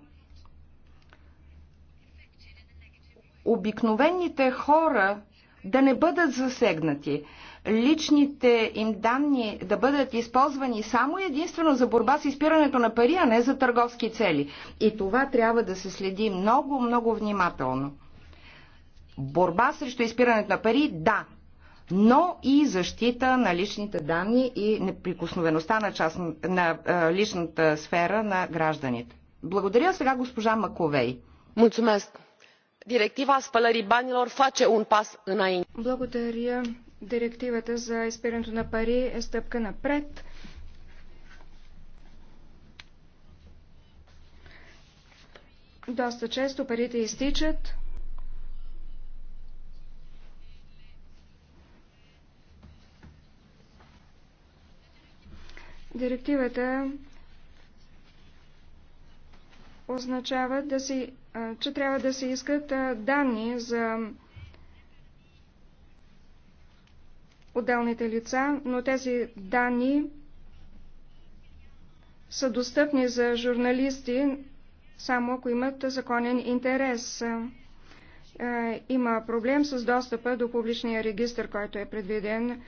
Обикновените хора да не бъдат засегнати, личните им данни да бъдат използвани само единствено за борба с изпирането на пари, а не за търговски цели. И това трябва да се следи много, много внимателно. Борба срещу изпирането на пари, да, но и защита на личните данни и неприкосновеността на, част на а, личната сфера на гражданите. Благодаря сега госпожа Маковей. Директива Directiva spălării banilor face un pas înainte. Благодаря. Директивата за изпирането на пари е стъпка напред. Доста често парите изтичат, Директивата означава, да си, че трябва да се искат данни за отделните лица, но тези данни са достъпни за журналисти само ако имат законен интерес. Има проблем с достъпа до публичния регистр, който е предвиден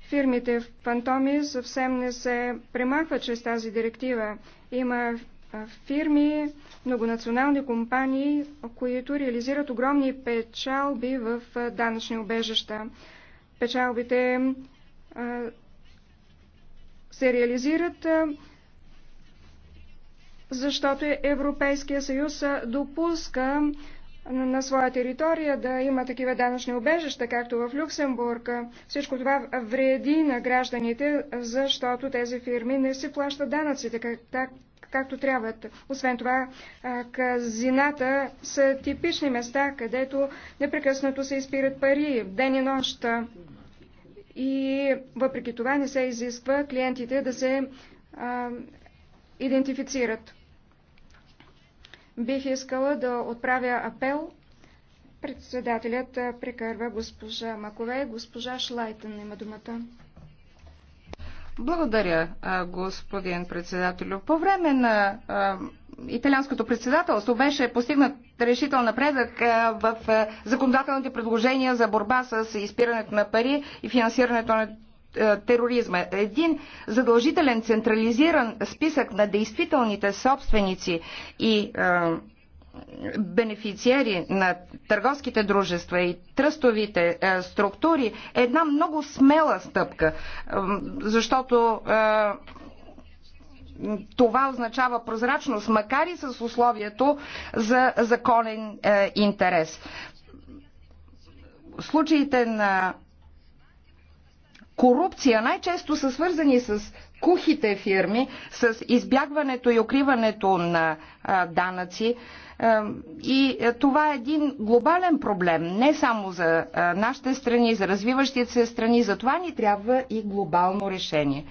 Фирмите в фантоми съвсем не се премахват чрез тази директива. Има фирми, многонационални компании, които реализират огромни печалби в данъчни обежища. Печалбите се реализират, защото Европейския съюз допуска на своя територия, да има такива данъчни обежища, както в Люксембург. Всичко това вреди на гражданите, защото тези фирми не си плащат данъците как, так, както трябва. Освен това, казината са типични места, където непрекъснато се изпират пари ден и нощ. И въпреки това не се изисква клиентите да се а, идентифицират. Бих искала да отправя апел. Председателят прекарва госпожа Макове. Госпожа Шлайтън има думата. Благодаря, господин председател. По време на италианското председателство беше постигнат решител напредък в законодателните предложения за борба с изпирането на пари и финансирането на е, тероризма. Един задължителен централизиран списък на действителните собственици и е, бенефициери на търговските дружества и тръстовите е, структури е една много смела стъпка, защото това означава прозрачност, макар и с условието за законен интерес. Случаите на корупция най-често са свързани с кухите фирми, с избягването и укриването на данъци. И е, това е един глобален проблем, не само за нашите страни, за развиващите се страни, за това ни трябва и глобално решение.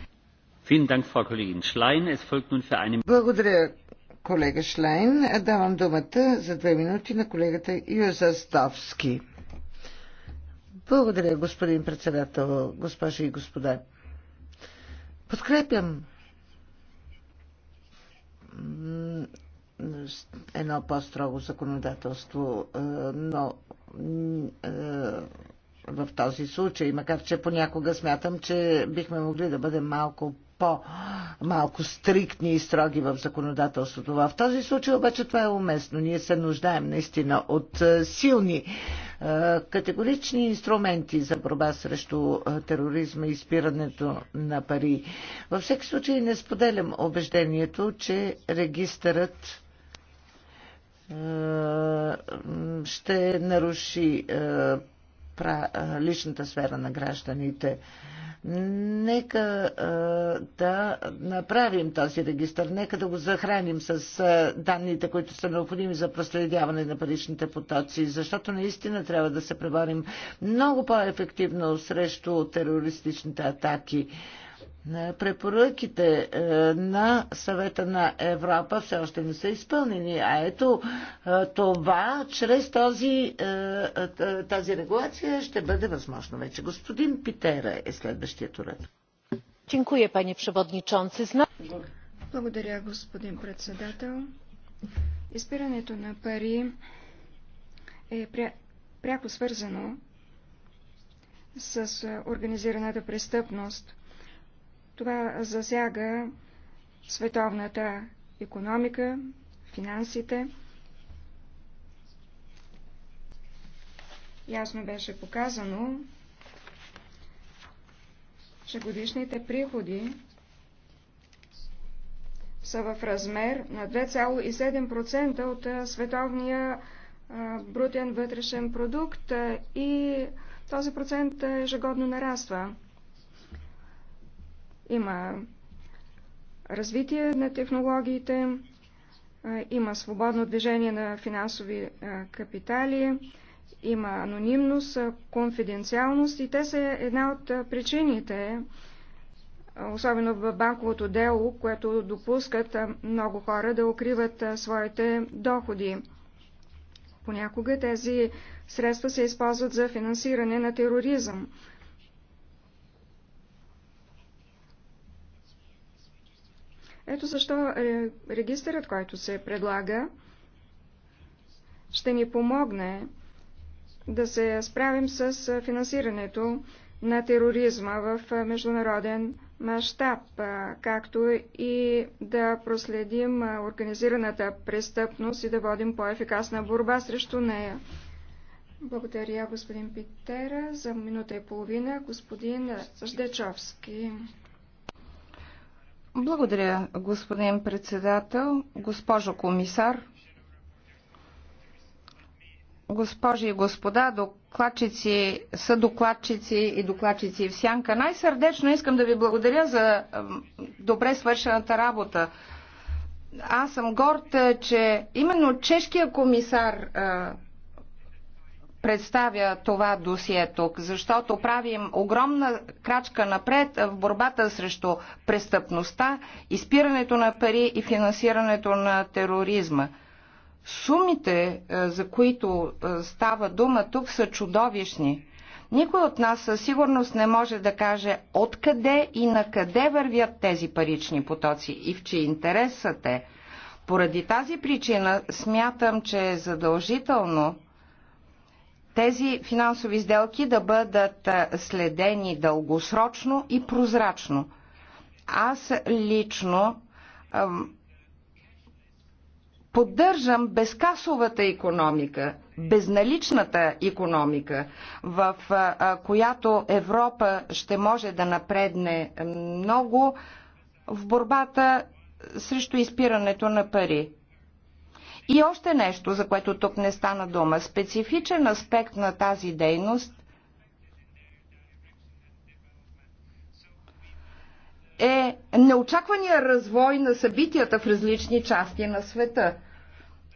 Благодаря, колега Шлайн. Давам думата за две минути на колегата Юзаставски. Благодаря, господин председател, госпожи и господа. Подкрепям едно по-строго законодателство, е, но е, в този случай, макар че понякога смятам, че бихме могли да бъдем малко по-малко стриктни и строги в законодателството. В този случай обаче това е уместно. Ние се нуждаем наистина от е, силни е, категорични инструменти за борба срещу е, тероризма и спирането на пари. Във всеки случай не споделям убеждението, че регистърът ще наруши личната сфера на гражданите. Нека да направим този регистр, нека да го захраним с данните, които са необходими за проследяване на паричните потоци, защото наистина трябва да се преборим много по-ефективно срещу терористичните атаки. Е, препоръките е, на съвета на Европа все още не са изпълнени. А ето е, това, чрез този, тази регулация ще бъде възможно вече. Господин Питера е следващия уред. Чинкуя, пани Преводничонци. Благодаря, господин председател. Изпирането на пари е пря... пряко свързано с организираната престъпност – това засяга световната економика, финансите. Ясно беше показано, че годишните приходи са в размер на 2,7% от световния брутен вътрешен продукт и този процент ежегодно нараства. Има развитие на технологиите, има свободно движение на финансови капитали, има анонимност, конфиденциалност и те са една от причините, особено в банковото дело, което допускат много хора да укриват своите доходи. Понякога тези средства се използват за финансиране на тероризъм. Ето защо е, регистърът, който се предлага, ще ни помогне да се справим с е, финансирането на тероризма в е, международен мащаб, както и да проследим организираната престъпност и да водим по-ефикасна борба срещу нея. Благодаря, господин Питера. За минута и половина господин Ждечовски. Благодаря, господин председател, госпожо комисар, госпожи и господа, докладчици, съдокладчици и докладчици в сянка. Най-сърдечно искам да ви благодаря за добре свършената работа. Аз съм горд, че именно чешкия комисар представя това досие тук, защото правим огромна крачка напред в борбата срещу престъпността, изпирането на пари и финансирането на тероризма. Сумите, е, за които е, става дума тук, са чудовищни. Никой от нас със сигурност не може да каже откъде и на къде вървят тези парични потоци и в чий интерес са те. Поради тази причина смятам, че е задължително тези финансови сделки да бъдат следени дългосрочно и прозрачно. Аз лично поддържам безкасовата економика, безналичната економика, в която Европа ще може да напредне много в борбата срещу изпирането на пари. И още нещо, за което тук не стана дума. Специфичен аспект на тази дейност е неочаквания развой на събитията в различни части на света.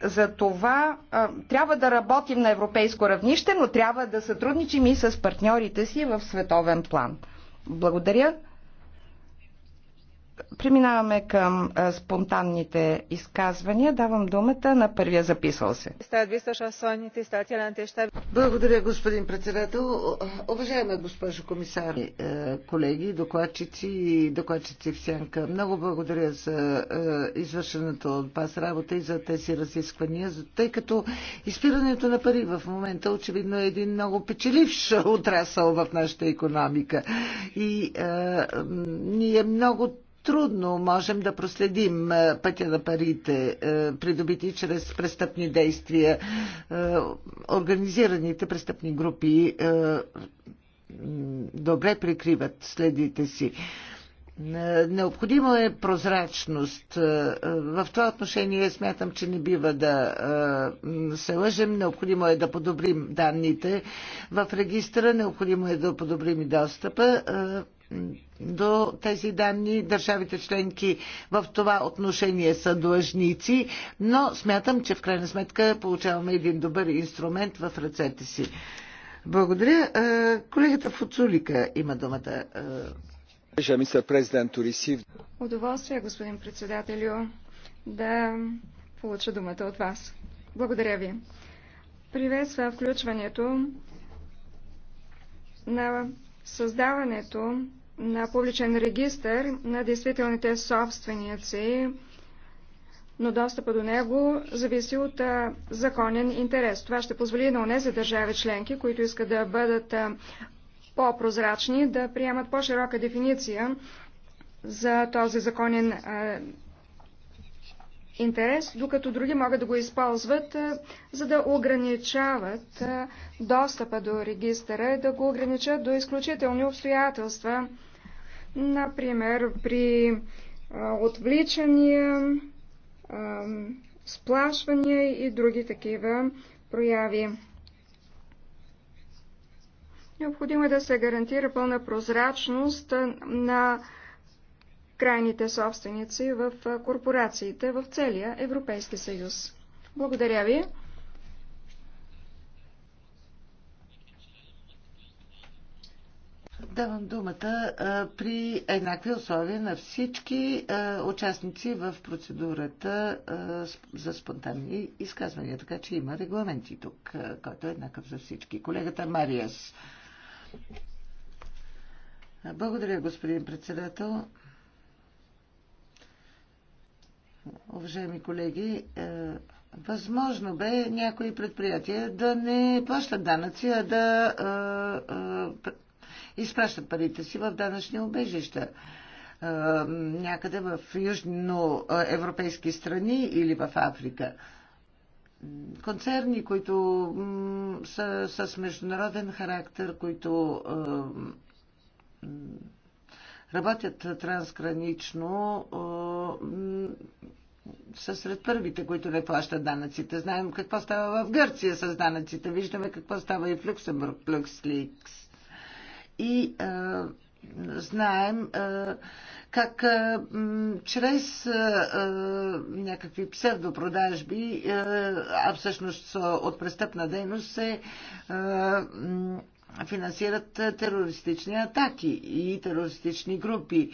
За това а, трябва да работим на европейско равнище, но трябва да сътрудничим и с партньорите си в световен план. Благодаря. Преминаваме към а, спонтанните изказвания. Давам думата на първия записал се. Благодаря, господин председател. Уважаема госпожо комисар, е, колеги, докладчици и докладчици в сянка, много благодаря за е, извършената от вас работа и за тези разисквания, тъй като изпирането на пари в момента очевидно е един много печеливш отрасъл в нашата економика. И а, е, ние много трудно можем да проследим е, пътя на парите, е, придобити чрез престъпни действия. Е, организираните престъпни групи добре прикриват следите си. Необходимо е прозрачност. В това отношение смятам, че не бива да се лъжем. Необходимо е да подобрим данните в регистра, необходимо е да подобрим и достъпа до тези данни. Държавите членки в това отношение са длъжници, но смятам, че в крайна сметка получаваме един добър инструмент в ръцете си. Благодаря. Е, колегата Фуцулика има думата. Удоволствие, господин председателю, да получа думата от вас. Благодаря ви. Приветства включването на създаването на публичен регистр на действителните собственици, но достъпа до него зависи от а, законен интерес. Това ще позволи на унези държави членки, които искат да бъдат по-прозрачни, да приемат по-широка дефиниция за този законен а, интерес, докато други могат да го използват, за да ограничават достъпа до регистъра, да го ограничат до изключителни обстоятелства. Например, при отвличания, сплашвания и други такива прояви. Необходимо е да се гарантира пълна прозрачност на крайните собственици в корпорациите в целия Европейски съюз. Благодаря ви. Давам думата при еднакви условия на всички участници в процедурата за спонтанни изказвания. Така че има регламенти тук, който е еднакъв за всички. Колегата Мариас. Благодаря, господин председател уважаеми колеги, е, възможно бе някои предприятия да не плащат данъци, а да е, е, изпращат парите си в данъчни убежища. Някъде в южноевропейски страни или в Африка. Концерни, които са с международен характер, които работят трансгранично, са сред първите, които не плащат данъците. Знаем какво става в Гърция с данъците. Виждаме какво става и в Люксембург, Люксликс. И а, знаем а, как а, чрез а, а, някакви псевдопродажби, а, а всъщност от престъпна дейност се а, финансират терористични атаки и терористични групи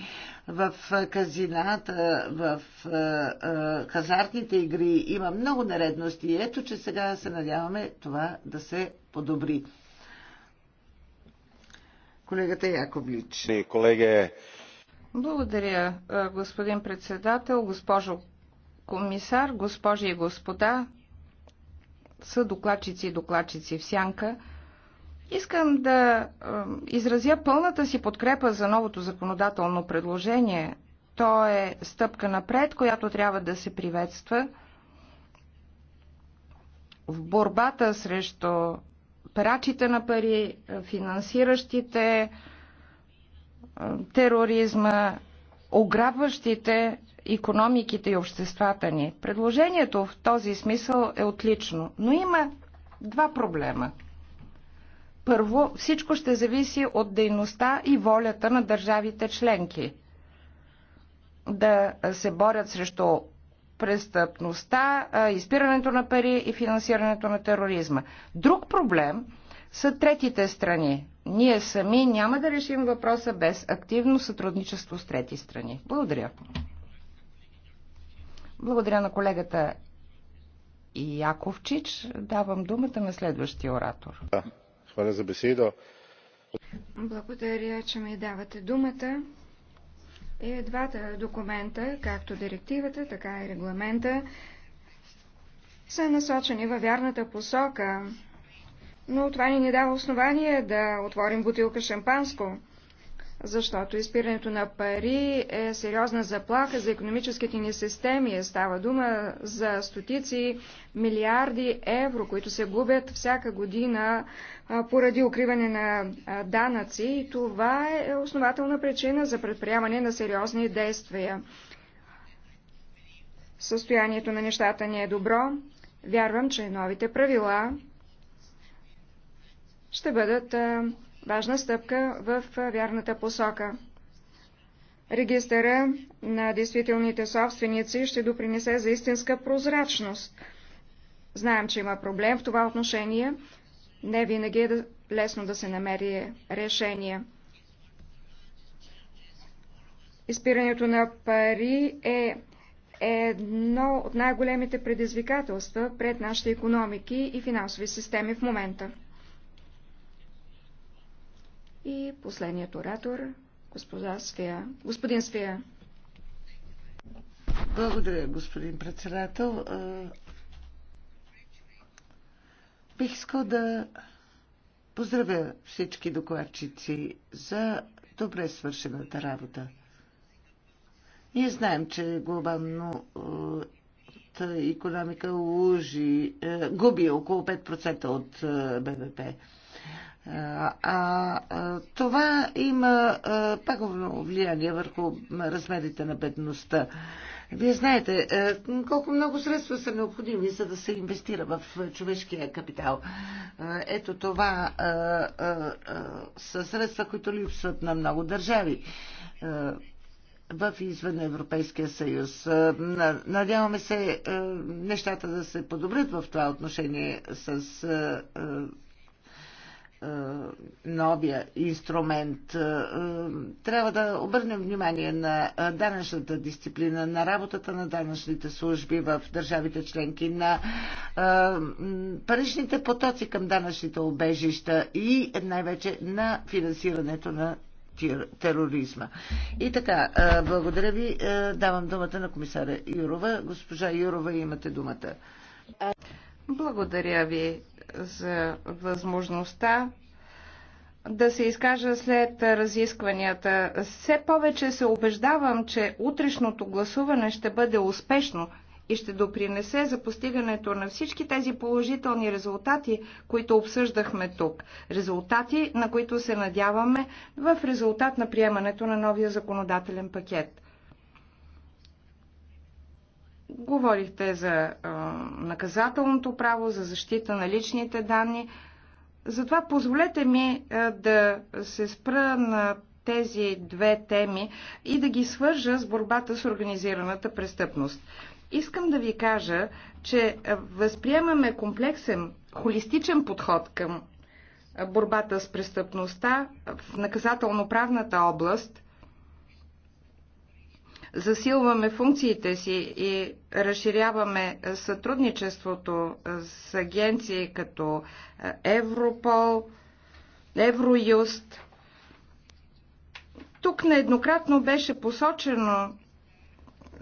в казината, в хазартните игри. Има много наредности. Ето, че сега се надяваме това да се подобри. Колегата Яковлич. Колеге. Благодаря, господин председател, госпожо комисар, госпожи и господа, съдокладчици и докладчици в сянка. Искам да изразя пълната си подкрепа за новото законодателно предложение. То е стъпка напред, която трябва да се приветства в борбата срещу прачите на пари, финансиращите тероризма, ограбващите економиките и обществата ни. Предложението в този смисъл е отлично, но има два проблема – първо, всичко ще зависи от дейността и волята на държавите членки да се борят срещу престъпността, изпирането на пари и финансирането на тероризма. Друг проблем са третите страни. Ние сами няма да решим въпроса без активно сътрудничество с трети страни. Благодаря. Благодаря на колегата Яковчич. Давам думата на следващия оратор hvala za besedo. Благодаря, че ми давате думата. И двата документа, както директивата, така и регламента, са насочени във вярната посока, но това ни не дава основание да отворим бутилка шампанско защото изпирането на пари е сериозна заплаха за економическите ни системи. Става дума за стотици милиарди евро, които се губят всяка година поради укриване на данъци. И това е основателна причина за предприемане на сериозни действия. Състоянието на нещата не е добро. Вярвам, че новите правила ще бъдат важна стъпка в вярната посока. Регистъра на действителните собственици ще допринесе за истинска прозрачност. Знаем, че има проблем в това отношение. Не винаги е лесно да се намери решение. Изпирането на пари е едно от най-големите предизвикателства пред нашите економики и финансови системи в момента. И последният оратор, госпожа Свия. Господин Свия. Благодаря, господин председател. Бих искал да поздравя всички докладчици за добре свършената работа. Ние знаем, че глобално економика лужи, губи около 5% от БВП. А това има пагубно влияние върху размерите на бедността. Вие знаете колко много средства са необходими, за да се инвестира в човешкия капитал. Ето това са средства, които липсват на много държави в извън Европейския съюз. Надяваме се нещата да се подобрят в това отношение с е, новия инструмент. Е, е, трябва да обърнем внимание на данъчната дисциплина, на работата на данъчните служби в държавите членки, на паричните потоци към данъчните обежища и най-вече на финансирането на тероризма. И така, благодаря ви. Давам думата на комисаря Юрова. Госпожа Юрова, имате думата. Благодаря ви, за възможността да се изкажа след разискванията. Все повече се убеждавам, че утрешното гласуване ще бъде успешно и ще допринесе за постигането на всички тези положителни резултати, които обсъждахме тук. Резултати, на които се надяваме в резултат на приемането на новия законодателен пакет. Говорихте за а, наказателното право, за защита на личните данни. Затова позволете ми а, да се спра на тези две теми и да ги свържа с борбата с организираната престъпност. Искам да ви кажа, че възприемаме комплексен, холистичен подход към борбата с престъпността в наказателно-правната област – засилваме функциите си и разширяваме е, сътрудничеството е, с агенции като е, Европол, Евроюст. Тук нееднократно беше посочено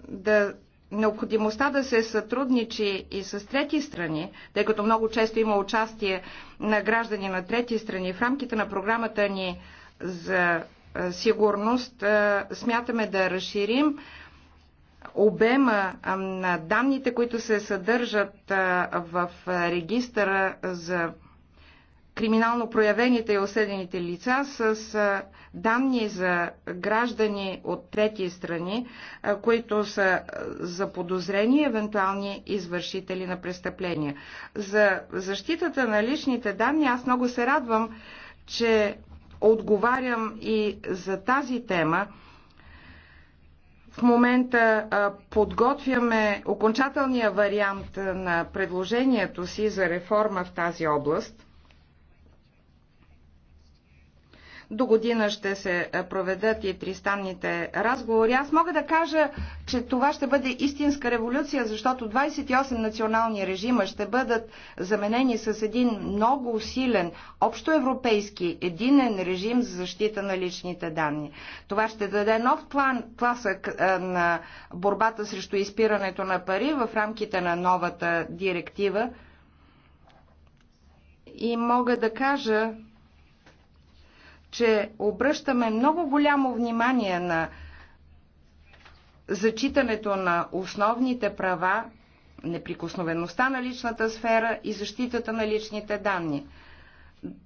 да необходимостта да се сътрудничи и с трети страни, тъй като много често има участие на граждани на трети страни в рамките на програмата ни за сигурност смятаме да разширим обема на данните, които се съдържат в регистъра за криминално проявените и осъдените лица с данни за граждани от трети страни, които са заподозрени евентуални извършители на престъпления. За защитата на личните данни аз много се радвам, че отговарям и за тази тема. В момента подготвяме окончателния вариант на предложението си за реформа в тази област. До година ще се е, проведат и тристанните разговори. Аз мога да кажа, че това ще бъде истинска революция, защото 28 национални режима ще бъдат заменени с един много усилен, общоевропейски, единен режим за защита на личните данни. Това ще даде нов план, пласък е, на борбата срещу изпирането на пари в рамките на новата директива. И мога да кажа, че обръщаме много голямо внимание на зачитането на основните права, неприкосновеността на личната сфера и защитата на личните данни.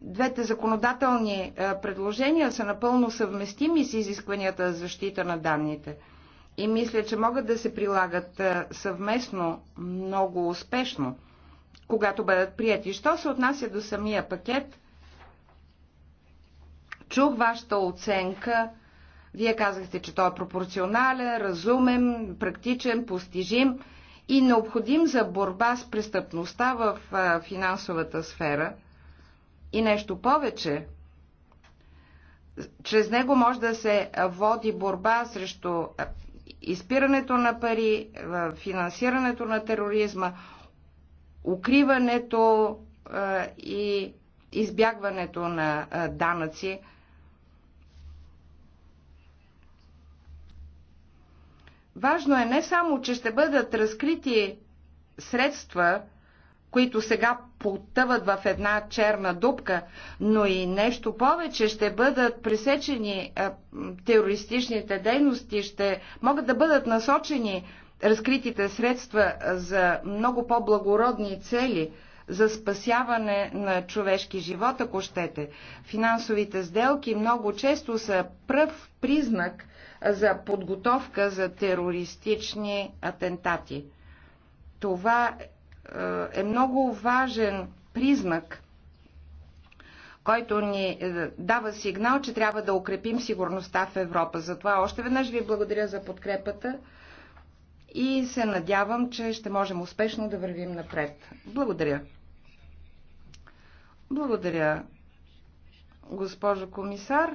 Двете законодателни е, предложения са напълно съвместими с изискванията за защита на данните и мисля, че могат да се прилагат е, съвместно много успешно, когато бъдат прияти. Що се отнася до самия пакет – Чух вашата оценка. Вие казахте, че той е пропорционален, разумен, практичен, постижим и необходим за борба с престъпността в финансовата сфера. И нещо повече, чрез него може да се води борба срещу изпирането на пари, финансирането на тероризма, укриването и избягването на данъци. Важно е не само, че ще бъдат разкрити средства, които сега потъват в една черна дупка, но и нещо повече ще бъдат пресечени терористичните дейности, ще могат да бъдат насочени разкритите средства за много по-благородни цели, за спасяване на човешки живот, ако щете. Финансовите сделки много често са пръв признак за подготовка за терористични атентати. Това е, е много важен признак, който ни е, дава сигнал, че трябва да укрепим сигурността в Европа. Затова още веднъж ви благодаря за подкрепата и се надявам, че ще можем успешно да вървим напред. Благодаря. Благодаря, госпожо комисар.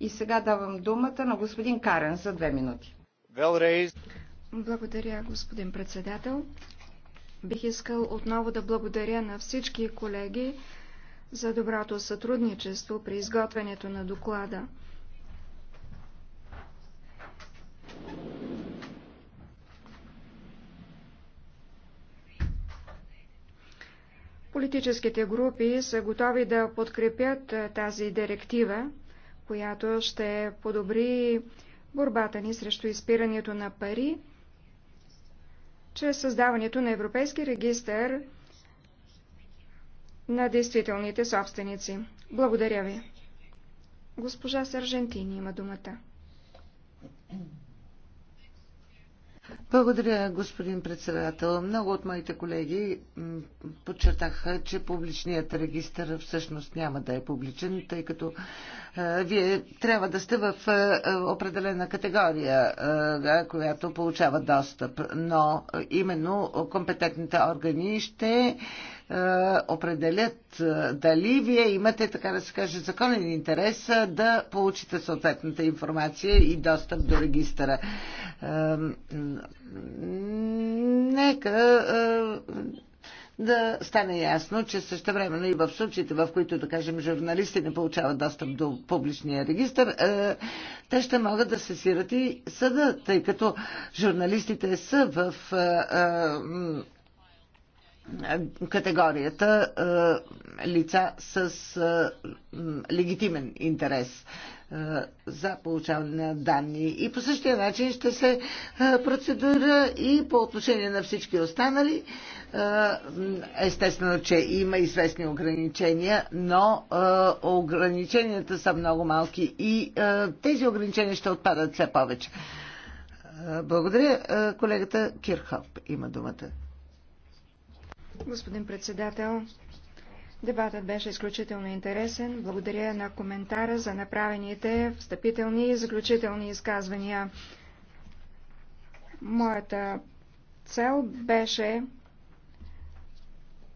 И сега давам думата на господин Карен за две минути. Благодаря, господин председател. Бих искал отново да благодаря на всички колеги за доброто сътрудничество при изготвянето на доклада. Политическите групи са готови да подкрепят тази директива която ще подобри борбата ни срещу изпирането на пари чрез създаването на Европейски регистър на действителните собственици. Благодаря ви. Госпожа Саржентини има думата. Благодаря, господин председател. Много от моите колеги подчертаха, че публичният регистр всъщност няма да е публичен, тъй като а, вие трябва да сте в а, определена категория, е, която получава достъп. Но именно компетентните органи ще е, определят е, дали вие имате, така да се каже, законен интерес е, да получите съответната информация и достъп до регистъра. Нека да стане ясно, че също и в случаите, в които, да кажем, журналисти не получават достъп до публичния регистр, те ще могат да се сират и съда, тъй като журналистите са в категорията е, лица с е, легитимен интерес е, за получаване на данни. И по същия начин ще се процедура и по отношение на всички останали. Естествено, че има известни ограничения, но ограниченията са много малки и тези ограничения ще отпадат все повече. Благодаря. Колегата Кирхоп има думата. Господин председател, дебатът беше изключително интересен. Благодаря на коментара за направените встъпителни и заключителни изказвания. Моята цел беше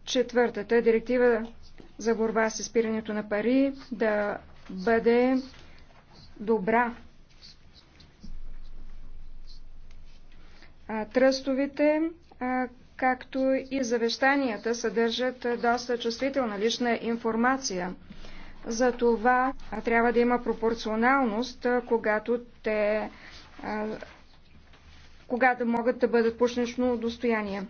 четвъртата директива за борба с изпирането на пари да бъде добра. Тръстовите както и завещанията съдържат доста чувствителна лична информация. За това трябва да има пропорционалност, когато те когато могат да бъдат пушнично достояние.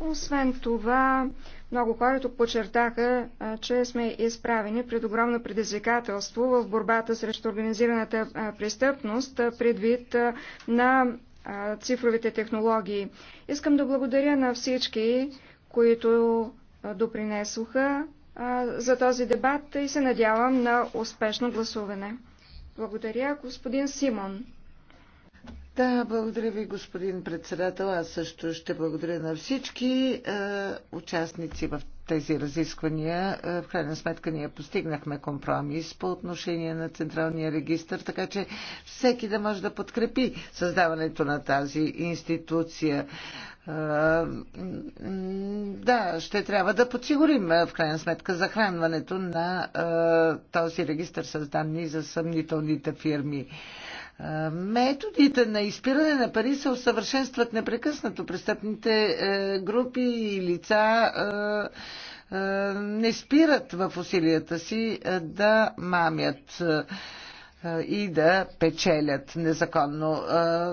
Освен това, много хора тук подчертаха, че сме изправени пред огромно предизвикателство в борбата срещу организираната престъпност, предвид на цифровите технологии. Искам да благодаря на всички, които допринесоха за този дебат и се надявам на успешно гласуване. Благодаря, господин Симон. Да, благодаря ви, господин председател. Аз също ще благодаря на всички е, участници в тези разисквания. Е, в крайна сметка ние постигнахме компромис по отношение на Централния регистр, така че всеки да може да подкрепи създаването на тази институция. Е, да, ще трябва да подсигурим е, в крайна сметка захранването на този регистр с данни за съмнителните фирми. Методите на изпиране на пари се усъвършенстват непрекъснато. Престъпните е, групи и лица е, е, не спират в усилията си да мамят и да печелят незаконно.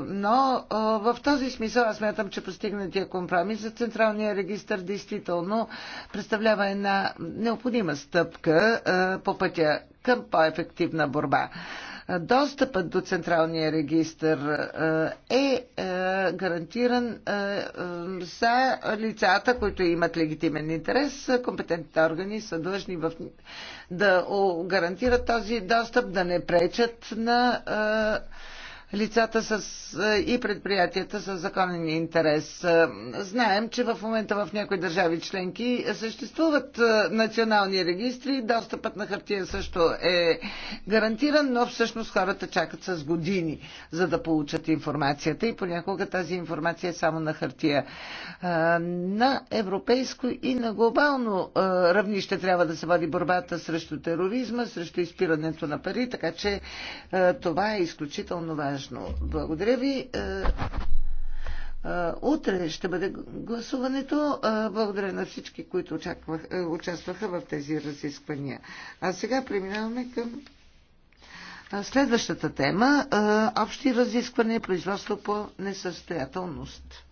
Но в този смисъл аз мятам, че постигнатия компромис за Централния регистр действително представлява една необходима стъпка по пътя към по-ефективна борба. Достъпът до Централния регистр е гарантиран за лицата, които имат легитимен интерес. Компетентните органи са длъжни в... да гарантират този достъп, да не пречат на лицата с, и предприятията с законен интерес. Знаем, че в момента в някои държави членки съществуват национални регистри, достъпът на хартия също е гарантиран, но всъщност хората чакат с години, за да получат информацията и понякога тази информация е само на хартия. На европейско и на глобално равнище трябва да се води борбата срещу тероризма, срещу изпирането на пари, така че това е изключително важно важно. Благодаря ви. Е, е, утре ще бъде гласуването. Е, благодаря на всички, които очаквах, участваха в тези разисквания. А сега преминаваме към следващата тема. Общи разисквания, производство по несъстоятелност.